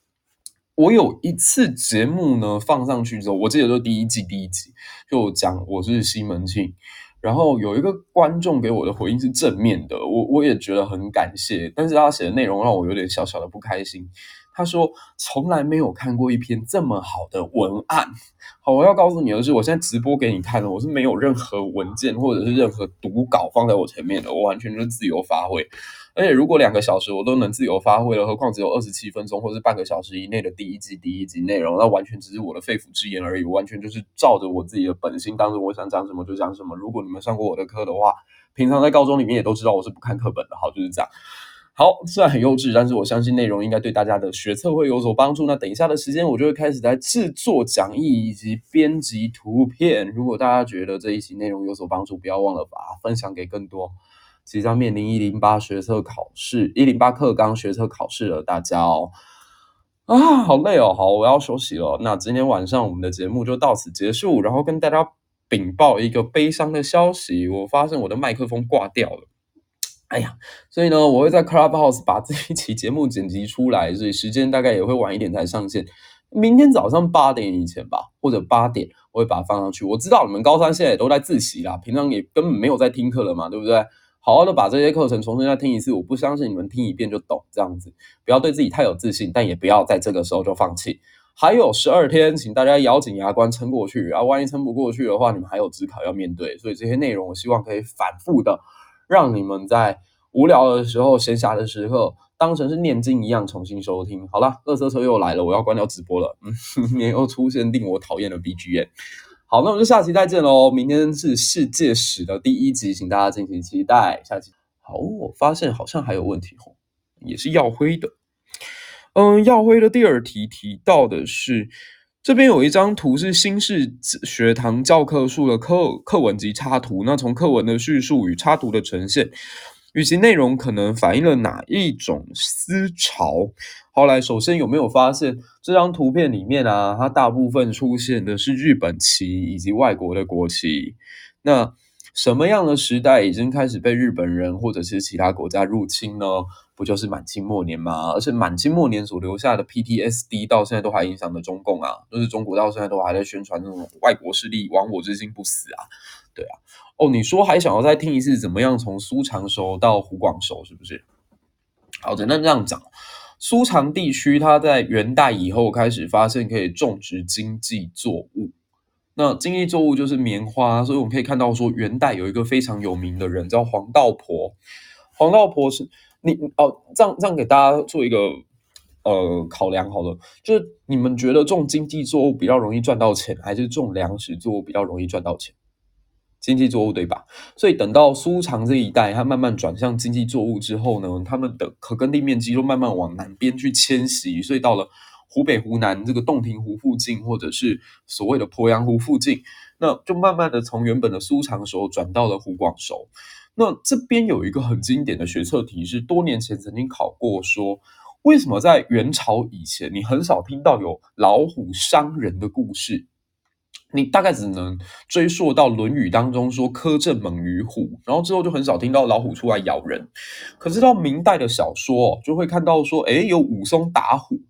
我有一次節目呢，放上去之後，我記得就第一季第一集，就講我是西門慶。然後有一個觀眾給我的回應是正面的，我我也覺得很感謝，但是他寫的內容讓我有點小小的不開心。他說從來沒有看過一篇這麼好的文案。好，我要告訴你的是，我現在直播給你看的，我是沒有任何文件或者是任何讀稿放在我前面的，我完全就是自由發揮。而且如果兩個小時我都能自由發揮了，何況只有二十七分鐘或是半個小時以內的第一集、第一集內容，那完全只是我的肺腑之言而已，完全就是照着我自己的本心，當時我想講什麼就講什麼。如果你們上過我的課的話，平常在高中裡面也都知道我是不看課本的，好，就是這樣。好，雖然很幼稚，但是我相信內容應該對大家的學測會有所幫助。那等一下的時間，我就會開始在制作講義以及編輯圖片。如果大家覺得這一期內容有所幫助，不要忘了把它分享給更多即將面臨一零八學測考試、一零八課綱學測考試的大家哦。啊，好累哦，好，我要休息了。那今天晚上我們的節目就到此結束。然後跟大家稟報一個悲傷的消息，我發現我的麥克風掛掉了。哎呀，所以呢，我會在 Clubhouse 把這一期節目剪輯出來，所以時間大概也會晚一點才上線。明天早上八點以前吧，或者八點我會把它放上去。我知道你們高三現在也都在自習啦，平常也根本沒有在聽課了嘛，對不對？好好的把這些課程重新再聽一次，我不相信你們聽一遍就懂這樣子，不要對自己太有自信，但也不要在這個時候就放棄。還有十二天，請大家咬緊牙關撐過去啊！萬一撐不過去的話，你們還有指考要面對，所以這些內容我希望可以反覆的。讓你們在無聊的時候、閒暇的時候，當成是念經一樣重新收聽。好啦，二色車又來了，我要關掉直播了。嗯，又出現令我討厭的 BGM。好，那我們就下期再見嘍。明天是世界史的第一集，請大家敬請期待下期。好，我發現好像還有問題哦，也是耀輝的。嗯，耀輝的第二題提到的是。這邊有一張圖是新式學堂教科書的課課文及插圖。那從課文的敘述與插圖的呈現，與其內容可能反映了哪一種思潮？後來首先有沒有發現這張圖片裡面啊，它大部分出現的是日本旗以及外國的國旗？那。什麼樣的時代已經開始被日本人或者是其他國家入侵呢？不就是滿清末年嗎？而且滿清末年所留下的 PTSD 到現在都還影響着中共啊，就是中國到現在都還在宣傳那種外國勢力亡我之心不死啊，對啊。哦，你說還想要再聽一次怎麼樣從蘇常熟到湖廣熟是不是？好的，那這樣講，蘇常地區它在元代以後開始發現可以種植經濟作物。那經濟作物就是棉花，所以我們可以看到說，元代有一個非常有名的人叫黃道婆。黃道婆是你哦，這樣這樣給大家做一個呃考量好了，就是你們覺得種經濟作物比較容易賺到錢，還是種糧食作物比較容易賺到錢？經濟作物對吧？所以等到蘇常這一帶，它慢慢轉向經濟作物之後呢，他們的可耕地面積就慢慢往南邊去遷徙，所以到了。湖北、湖南這個洞庭湖附近，或者是所謂的鄱陽湖附近，那就慢慢的從原本的蘇常熟轉到了湖廣熟。那這邊有一個很經典的學測題，是多年前曾經考過說，說為什麼在元朝以前，你很少聽到有老虎傷人的故事？你大概只能追溯到《論語》當中說“苛政猛於虎”，然後之後就很少聽到老虎出來咬人。可是到明代的小說、哦，就會看到說，哎、欸，有武松打虎。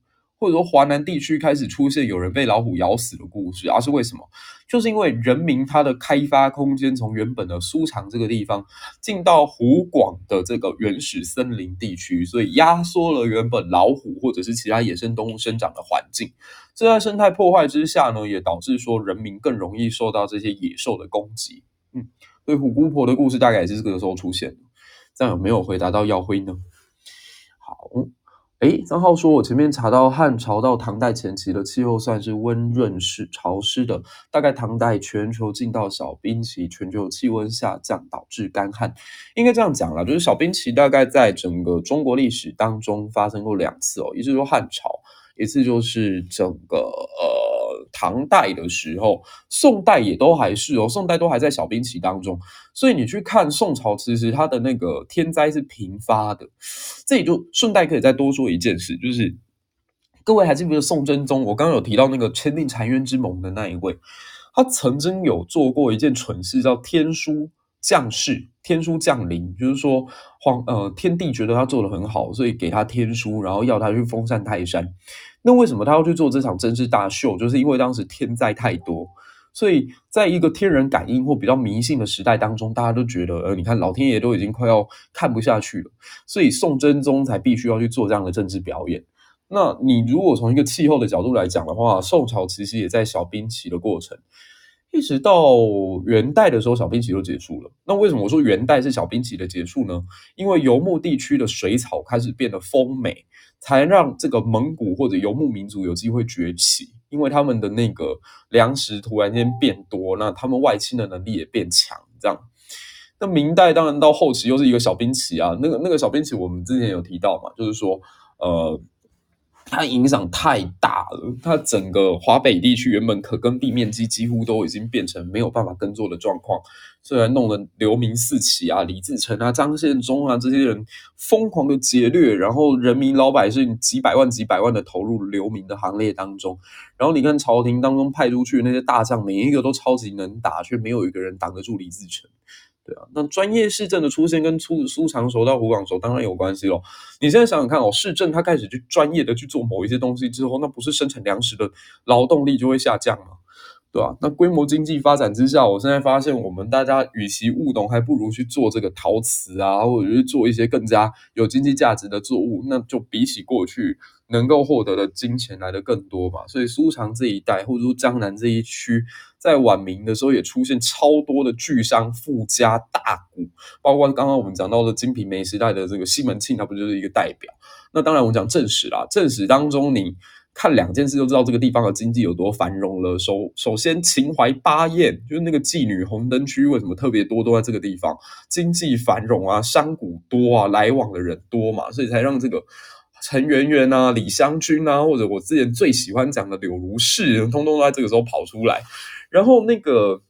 或者說，華南地區開始出現有人被老虎咬死的故事，而、啊、是為什麼？就是因為人民他的開發空間從原本的蘇常這個地方，進到湖廣的這個原始森林地區，所以壓縮了原本老虎或者是其他野生動物生長的環境。這在生態破壞之下呢，也導致說人民更容易受到這些野獸的攻擊。嗯，所以虎姑婆的故事大概也是這個時候出現的。這樣有沒有回答到耀輝呢？好。誒，張浩說，我前面查到漢朝到唐代前期的氣候算是溫潤濕、潮濕的。大概唐代全球進到小冰期，全球氣溫下降導致乾旱，應該這樣講啦，就是小冰期大概在整個中國歷史當中發生過兩次哦，一次說漢朝，一次就是整個呃。唐代的時候，宋代也都還是哦，宋代都還在小冰期當中，所以你去看宋朝，其實它的那個天災是頻發的。這也就順帶可以再多說一件事，就是各位還記不記得宋真宗？我剛剛有提到那個簽訂澶淵之盟的那一位，他曾經有做過一件蠢事，叫天書。將士天書降臨，就是說皇呃天帝覺得他做得很好，所以給他天書，然後要他去封禪泰山。那為什麼他要去做這場政治大秀？就是因為當時天災太多，所以在一個天人感應或比較迷信的時代當中，大家都覺得，呃，你看老天爺都已經快要看不下去了，所以宋真宗才必須要去做這樣的政治表演。那你如果從一個氣候的角度來講的話，宋朝其實也在小冰期的過程。一直到元代的時候，小冰期就結束了。那為什麼我說元代是小冰期的結束呢？因為游牧地區的水草開始變得豐美，才讓這個蒙古或者游牧民族有機會崛起。因為他們的那個糧食突然間變多，那他們外侵的能力也變強。這樣，那明代當然到後期又是一個小冰期啊。那個那個小冰期我們之前有提到嘛，就是說，呃。它影響太大了，它整個華北地區原本可耕地面積幾乎都已經變成沒有辦法耕作的狀況。雖然弄得流民四起啊，李自成啊、張獻忠啊這些人瘋狂的劫掠，然後人民老百姓幾百萬幾百萬的投入流民的行列當中。然後你看朝廷當中派出去那些大將，每一個都超級能打，卻沒有一個人擋得住李自成。對啊，那專業市鎮的出現跟出蘇常熟到湖廣熟當然有關係咯，你現在想想看哦，市鎮它開始去專業的去做某一些東西之後，那不是生產糧食的勞動力就會下降嘛？對吧、啊？那規模經濟發展之下，我現在發現我們大家與其務農，還不如去做這個陶瓷啊，或者是做一些更加有經濟價值的作物，那就比起過去能夠獲得的金錢來得更多嘛。所以蘇常這一帶或者說江南這一區。在晚明的時候，也出現超多的巨商、富家大賈，包括剛剛我們講到的《金瓶梅》時代的這個西門慶，他不就是一個代表？那當然，我們講正史啦。正史當中，你看兩件事就知道這個地方的經濟有多繁榮了。首首先，秦淮八艷，就是那個妓女紅燈區，為什麼特別多？都在這個地方，經濟繁榮啊，商賈多啊，來往的人多嘛，所以才讓這個陳圓圓啊、李香君啊，或者我之前最喜歡講的柳如是，通通都在這個時候跑出來。然後那個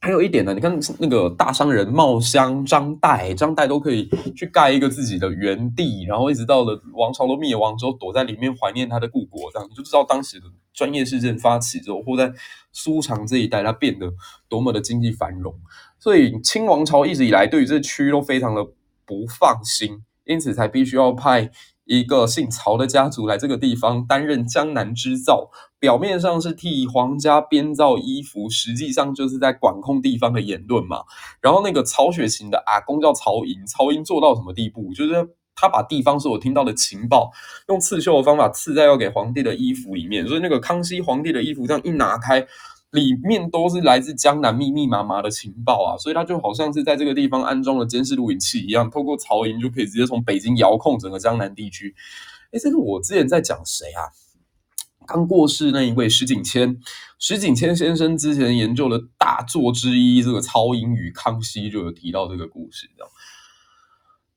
還有一點呢，你看那個大商人冒襄、張岱，張岱都可以去蓋一個自己的園地，然後一直到了王朝都滅亡之後，躲在裡面懷念他的故國，這樣你就知道當時的專業事件發起之後，或在蘇常這一帶，它變得多麼的經濟繁榮。所以清王朝一直以來對於這區域都非常的不放心，因此才必須要派。一個姓曹的家族來這個地方擔任江南織造，表面上是替皇家編造衣服，實際上就是在管控地方的言論嘛。然後那個曹雪芹的阿公叫曹寅，曹寅做到什麼地步？就是他把地方所聽到的情報，用刺繡的方法刺在要給皇帝的衣服裡面，所以那個康熙皇帝的衣服這樣一拿開。裡面都是來自江南密密麻麻的情報啊，所以他就好像是在這個地方安裝了監視錄影器一樣，透過曹寅就可以直接從北京遙控整個江南地區。哎，這個我之前在講誰啊？剛過世那一位史景遷，史景遷先生之前研究的大作之一《這個曹寅與康熙》就有提到這個故事，知道嗎？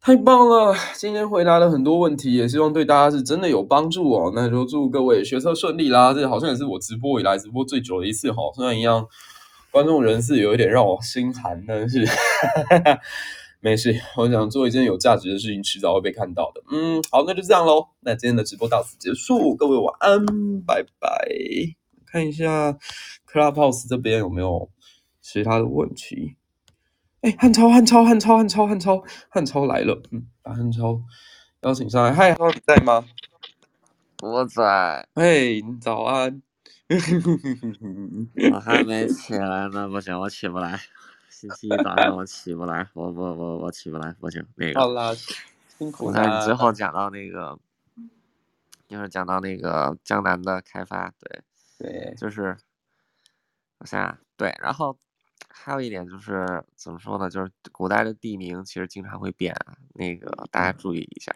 太棒了！今天回答了很多問題，也希望對大家是真的有幫助哦、啊。那就祝各位學測順利啦！這好像也是我直播以來直播最久的一次哈。雖然一樣觀眾人次有一點讓我心寒，但是 沒事，我想做一件有價值的事情，遲早會被看到的。嗯，好，那就這樣嘍。那今天的直播到此結束，各位晚安，拜拜。看一下 Clubhouse 這邊有沒有其他的問題？哎，漢超，漢超，漢超，漢超，漢超，漢超來了，嗯，啊，漢超邀請上來。嗨，你在嗎？我在。誒，你早安。 我還沒起來呢，不行，我起不來。星期一早上我起不來， 我我我我，我起不來，我就那個。好啦，辛苦，我看你最後講到那個，一會兒講到那個江南的開發，對，對，就是，我想，對，然後。還有一點就是怎麼說呢？就是古代的地名其實經常會變，那個大家注意一下。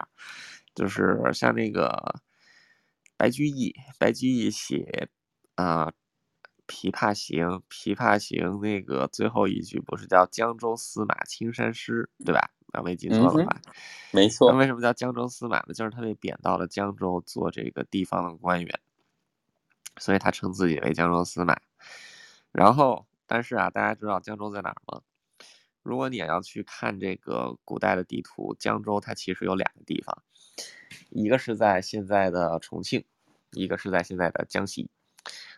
就是像那個白居易，白居易寫啊、呃《琵琶行》，《琵琶行》那個最後一句不是叫“江州司馬青衫濕”對吧？沒記錯了吧？嗯、沒錯。為什麼叫江州司馬呢？就是他被貶到了江州做這個地方的官員，所以他稱自己為江州司馬。然後。但是啊，大家知道江州在哪兒嗎？如果你也要去看這個古代的地圖，江州它其實有兩個地方，一個是在現在的重慶，一個是在現在的江西。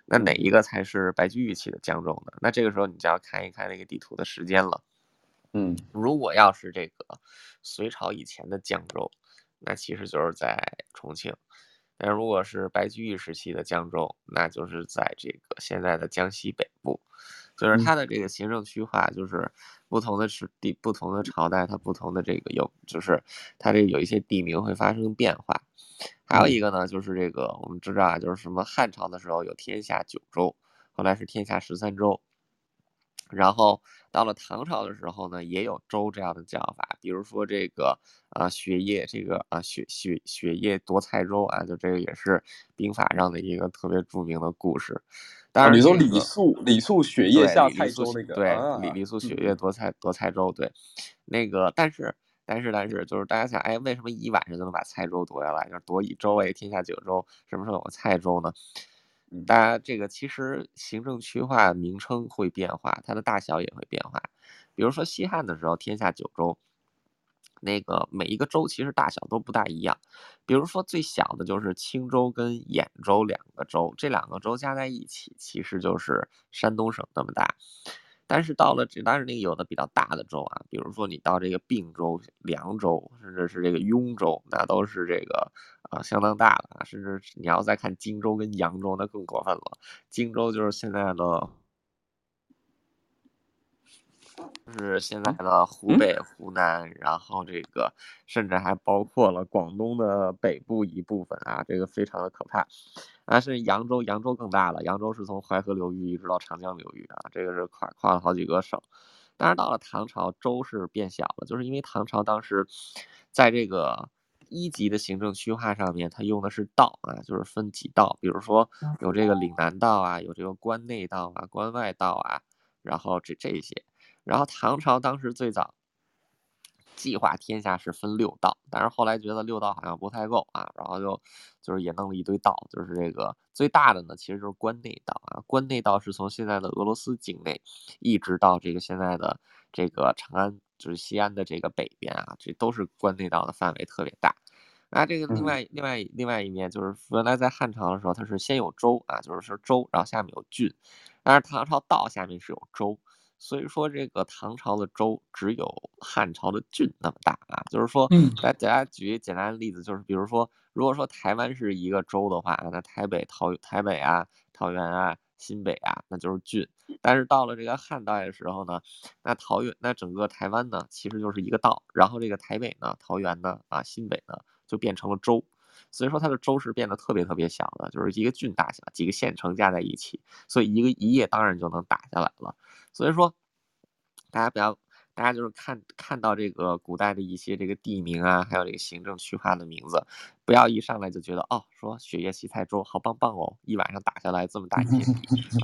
那哪一個才是白居易寫的江州呢？那這個時候你就要看一看那個地圖的時間了。嗯，如果要是這個隋朝以前的江州，那其實就是在重慶；但如果是白居易時期的江州，那就是在這個現在的江西北部。就是它的這個行政區劃，就是不同的時地、不同的朝代，它不同的這個有，就是它這有一些地名會發生變化。還有一個呢，就是這個我們知道啊，就是什麼漢朝的時候有天下九州，後來是天下十三州。然後到了唐朝的時候呢，也有州這樣的叫法，比如說這個呃、啊、雪夜，這個啊雪雪雪夜奪蔡州啊，就這個也是兵法上的一個特別著名的故事。但是、那個、說李愬李愬李愬雪夜下蔡州那個，對李李愬雪夜奪蔡奪蔡州，對那個，但是但是但是就是大家想，哎，為什麼一晚上就能把蔡州奪下來？就是奪一州為天下九州，什麼時候有蔡州呢？大家這個其實行政區劃名稱會變化，它的大小也會變化。比如說西漢的時候，天下九州，那個每一個州其實大小都不大一樣。比如說最小的就是青州跟兗州兩個州，這兩個州加在一起其實就是山東省那麼大。但是到了只，但是那個有的比較大的州啊，比如說你到這個并州、涼州，甚至是這個雍州，那都是這個。啊，相當大了啊！甚至你要再看荊州跟揚州，那更過分了。荊州就是現在的，就是現在的湖北、湖南，然後這個甚至還包括了廣東的北部一部分啊，這個非常的可怕。但是揚州，揚州更大了，揚州是從淮河流域一直到長江流域啊，這個是跨跨了好幾個省。但是到了唐朝，州是變小了，就是因為唐朝當時在這個。一級的行政區劃上面，它用的是道啊，就是分幾道，比如說有這個嶺南道啊，有這個關內道啊，關外道啊，然後這這些，然後唐朝當時最早，計劃天下是分六道，但是後來覺得六道好像不太夠啊，然後就就是也弄了一堆道，就是這個最大的呢，其實就是關內道啊，關內道是從現在的俄羅斯境內，一直到這個現在的這個長安。就是西安的這個北邊啊，這都是關內道的範圍特別大。那這個另外另外、嗯、另外一面就是，原來在漢朝的時候，它是先有州啊，就是說州，然後下面有郡。但是唐朝道下面是有州，所以說這個唐朝的州只有漢朝的郡那麼大啊。就是說，來給大、嗯、家舉一個簡單的例子，就是比如說，如果說台灣是一個州的話，那台北桃台北啊，桃園啊。新北啊，那就是郡。但是到了這個漢代的時候呢，那桃園，那整個台灣呢，其實就是一個道。然後這個台北呢、桃園呢、啊新北呢，就變成了州。所以說它的州是變得特別特別小的，就是一個郡大小，幾個縣城加在一起，所以一個一夜當然就能打下來了。所以說，大家不要。大家就是看看到這個古代的一些這個地名啊，還有這個行政區劃的名字，不要一上來就覺得哦，說雪夜襲蔡州，好棒棒哦，一晚上打下來這麼大一，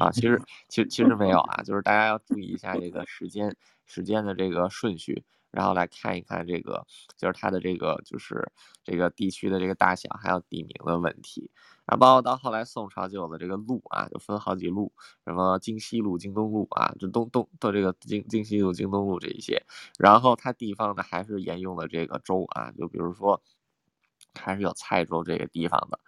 啊，其實其實其實沒有啊，就是大家要注意一下這個時間時間的這個順序。然後來看一看這個，就是它的這個，就是這個地區的這個大小，還有地名的問題。啊，包括到後來宋朝就有了這個路啊，就分好幾路，什麼京西路、京東路啊，就東東到這個京京西路、京東路這一些。然後它地方呢，還是沿用了這個州啊，就比如說還是有蔡州這個地方的。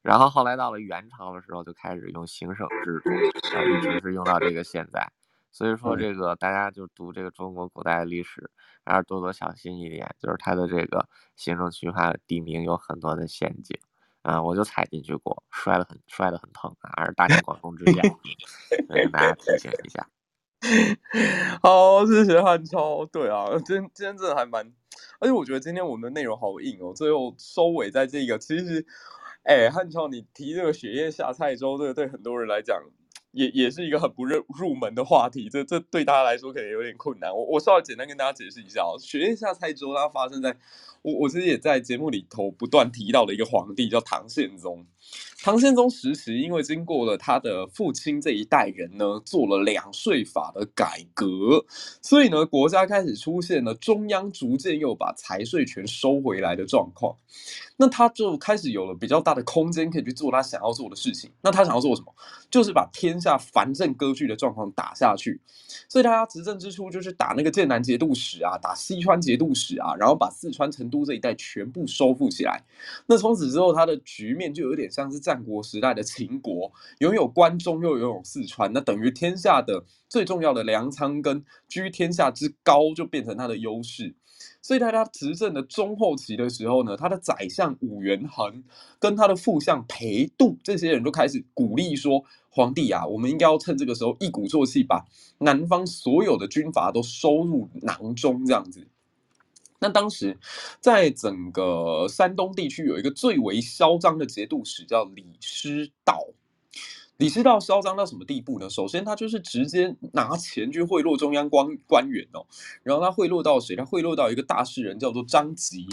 然後後來到了元朝的時候，就開始用行省制度，然後一直是用到這個現在。所以說，這個、嗯、大家就讀這個中國古代的歷史，還是多多小心一點，就是它的這個行政區劃地名有很多的陷阱啊、嗯！我就踩進去過，摔得很，摔得很疼，還是大庭廣眾之下，給、 嗯、大家提醒一下。 好，謝謝漢超。對啊，今天今天真的還蠻，而且我覺得今天我們的內容好硬哦，最後收尾在這個，其實，哎，漢超，你提這個雪夜下蔡州，這個對，很多人來講。也也是一個很不入入門的話題，這這對大家來說可能有點困難。我我稍微簡單跟大家解釋一下哦，雪夜下蔡州它發生在我，我其實也在節目裡頭不斷提到的一個皇帝叫唐憲宗。唐憲宗時期，因為經過了他的父親這一代人呢，做了兩稅法的改革，所以呢，國家開始出現了中央逐漸又把財稅權收回來的狀況。那他就開始有了比較大的空間，可以去做他想要做的事情。那他想要做什麼？就是把天下藩鎮割據的狀況打下去。所以，他執政之初就是打那個劍南節度使啊，打西川節度使啊，然後把四川成都這一帶全部收復起來。那從此之後，他的局面就有點像是在。戰國時代的秦國擁有關中，又擁有四川，那等於天下的最重要的糧倉，跟居天下之高，就變成它的優勢。所以，在他執政的中後期的時候呢，他的宰相武元衡跟他的副相裴度這些人就開始鼓勵說：“皇帝啊，我們應該要趁這個時候一鼓作氣，把南方所有的軍閥都收入囊中，這樣子。”那當時，在整個山東地區有一個最為囂張的節度使，叫李師道。李師道囂張到什麼地步呢？首先，他就是直接拿錢去賄賂中央官官員哦。然後他賄賂到誰？他賄賂到一個大詩人，叫做張籍。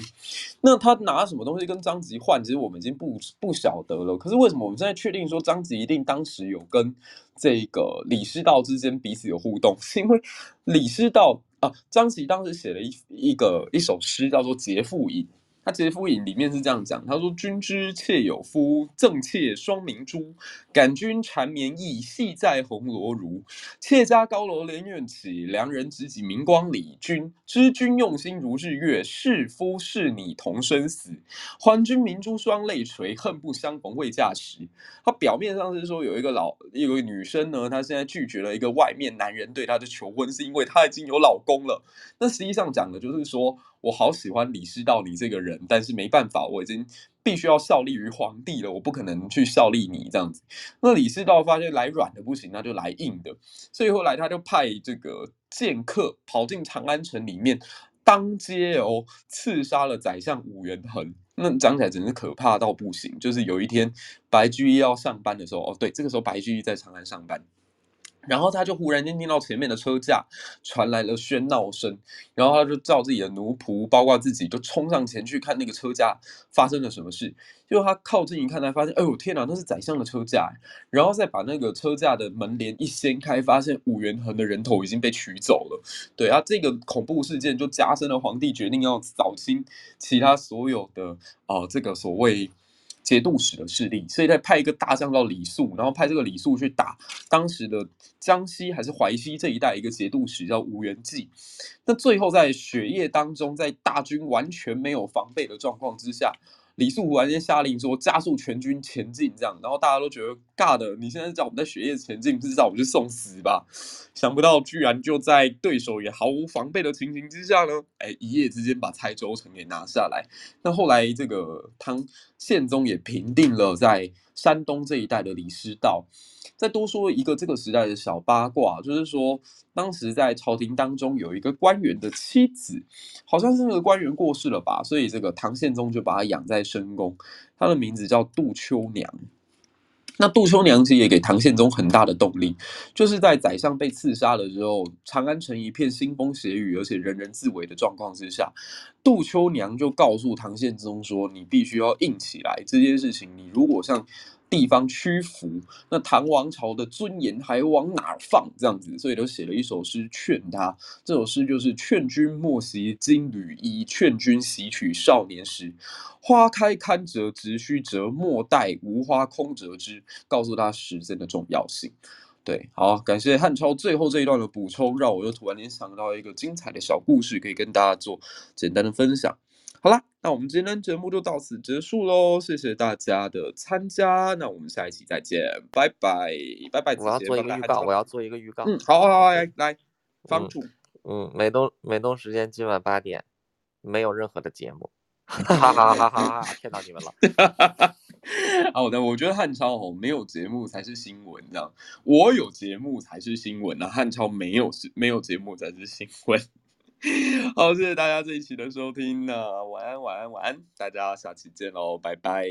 那他拿什麼東西跟張籍換？其實我們已經不不曉得了。可是為什麼我們現在確定說張籍一定當時有跟這個李師道之間彼此有互動？是因為李師道。啊，張籍當時寫了一一個一首詩，叫做《節婦吟》。他《節婦吟》裡面是這樣講，他說：“君知妾有夫，贈妾雙明珠，感君纏綿意，繫在紅羅襦。」「妾家高樓連苑起，良人執戟明光裡。君知君用心如日月，事夫誓擬同生死。還君明珠雙淚垂，恨不相逢未嫁時。”他表面上是說有一個老，有一個女生呢，她現在拒絕了一個外面男人對她的求婚，是因為她已經有老公了。那實際上講的，就是說。我好喜歡李師道，你這個人，但是沒辦法，我已經必須要效力於皇帝了，我不可能去效力你這樣子。那李師道發現來軟的不行，那就來硬的，所以後來他就派這個劍客跑進長安城裡面，當街哦刺殺了宰相武元衡。那講起來真是可怕到不行，就是有一天白居易要上班的時候，哦對，這個時候白居易在長安上班。然後他就忽然間聽到前面的車架傳來了喧鬧聲，然後他就叫自己的奴僕，包括自己，就衝上前去看那個車架發生了什麼事。就他靠近一看，才發現，哎呦天哪，那是宰相的車架。然後再把那個車架的門簾一掀開，發現武元衡的人頭已經被取走了。對啊，這個恐怖事件就加深了皇帝決定要掃清其他所有的啊、呃，這個所謂。節度使的勢力，所以再派一個大將叫李愬，然後派這個李愬去打當時的江西還是淮西這一帶一個節度使叫吳元濟。那最後在雪夜當中，在大軍完全沒有防備的狀況之下，李愬忽然間下令說：“加速全軍前進，這樣，然後大家都覺得尬的。God, 你現在叫我們在雪夜前進，不知道我們去送死吧？想不到，居然就在對手也毫無防備的情形之下呢，哎、欸，一夜之間把蔡州城給拿下來。那後來，這個唐憲宗也平定了在。”山東這一帶的李師道，再多說一個這個時代的小八卦，就是說，當時在朝廷當中有一個官員的妻子，好像是那個官員過世了吧，所以這個唐憲宗就把他養在深宮，他的名字叫杜秋娘。那杜秋娘其實也給唐憲宗很大的動力，就是在宰相被刺殺的時候，長安城一片腥風血雨，而且人人自危的狀況之下，杜秋娘就告訴唐憲宗說：“你必須要硬起來，這件事情你如果像……”地方屈服，那唐王朝的尊嚴還往哪放？這樣子，所以都寫了一首詩勸他。這首詩就是“勸君莫惜金縷衣，勸君惜取少年時。花開堪折直須折，莫待無花空折枝。”告訴他時間的重要性。對，好，感謝漢超最後這一段的補充，讓我又突然聯想到一個精彩的小故事，可以跟大家做簡單的分享。好啦，那我們今天的節目就到此結束嘍，謝謝大家的參加，那我們下一期再見，拜拜拜拜，我要做一個預告拜拜，我要做一個預告，嗯，好好好，好，好，來，嗯、方主，嗯，美東美東時間今晚八點，沒有任何的節目，哈哈哈哈哈哈，騙到你們了， 好的，我覺得漢超哦，沒有節目才是新聞，這樣，我有節目才是新聞，那漢超沒有是沒有節目才是新聞。 好，謝謝大家這一期的收聽呢，呃，晚安，晚安，晚安，大家下期見嘍，拜拜。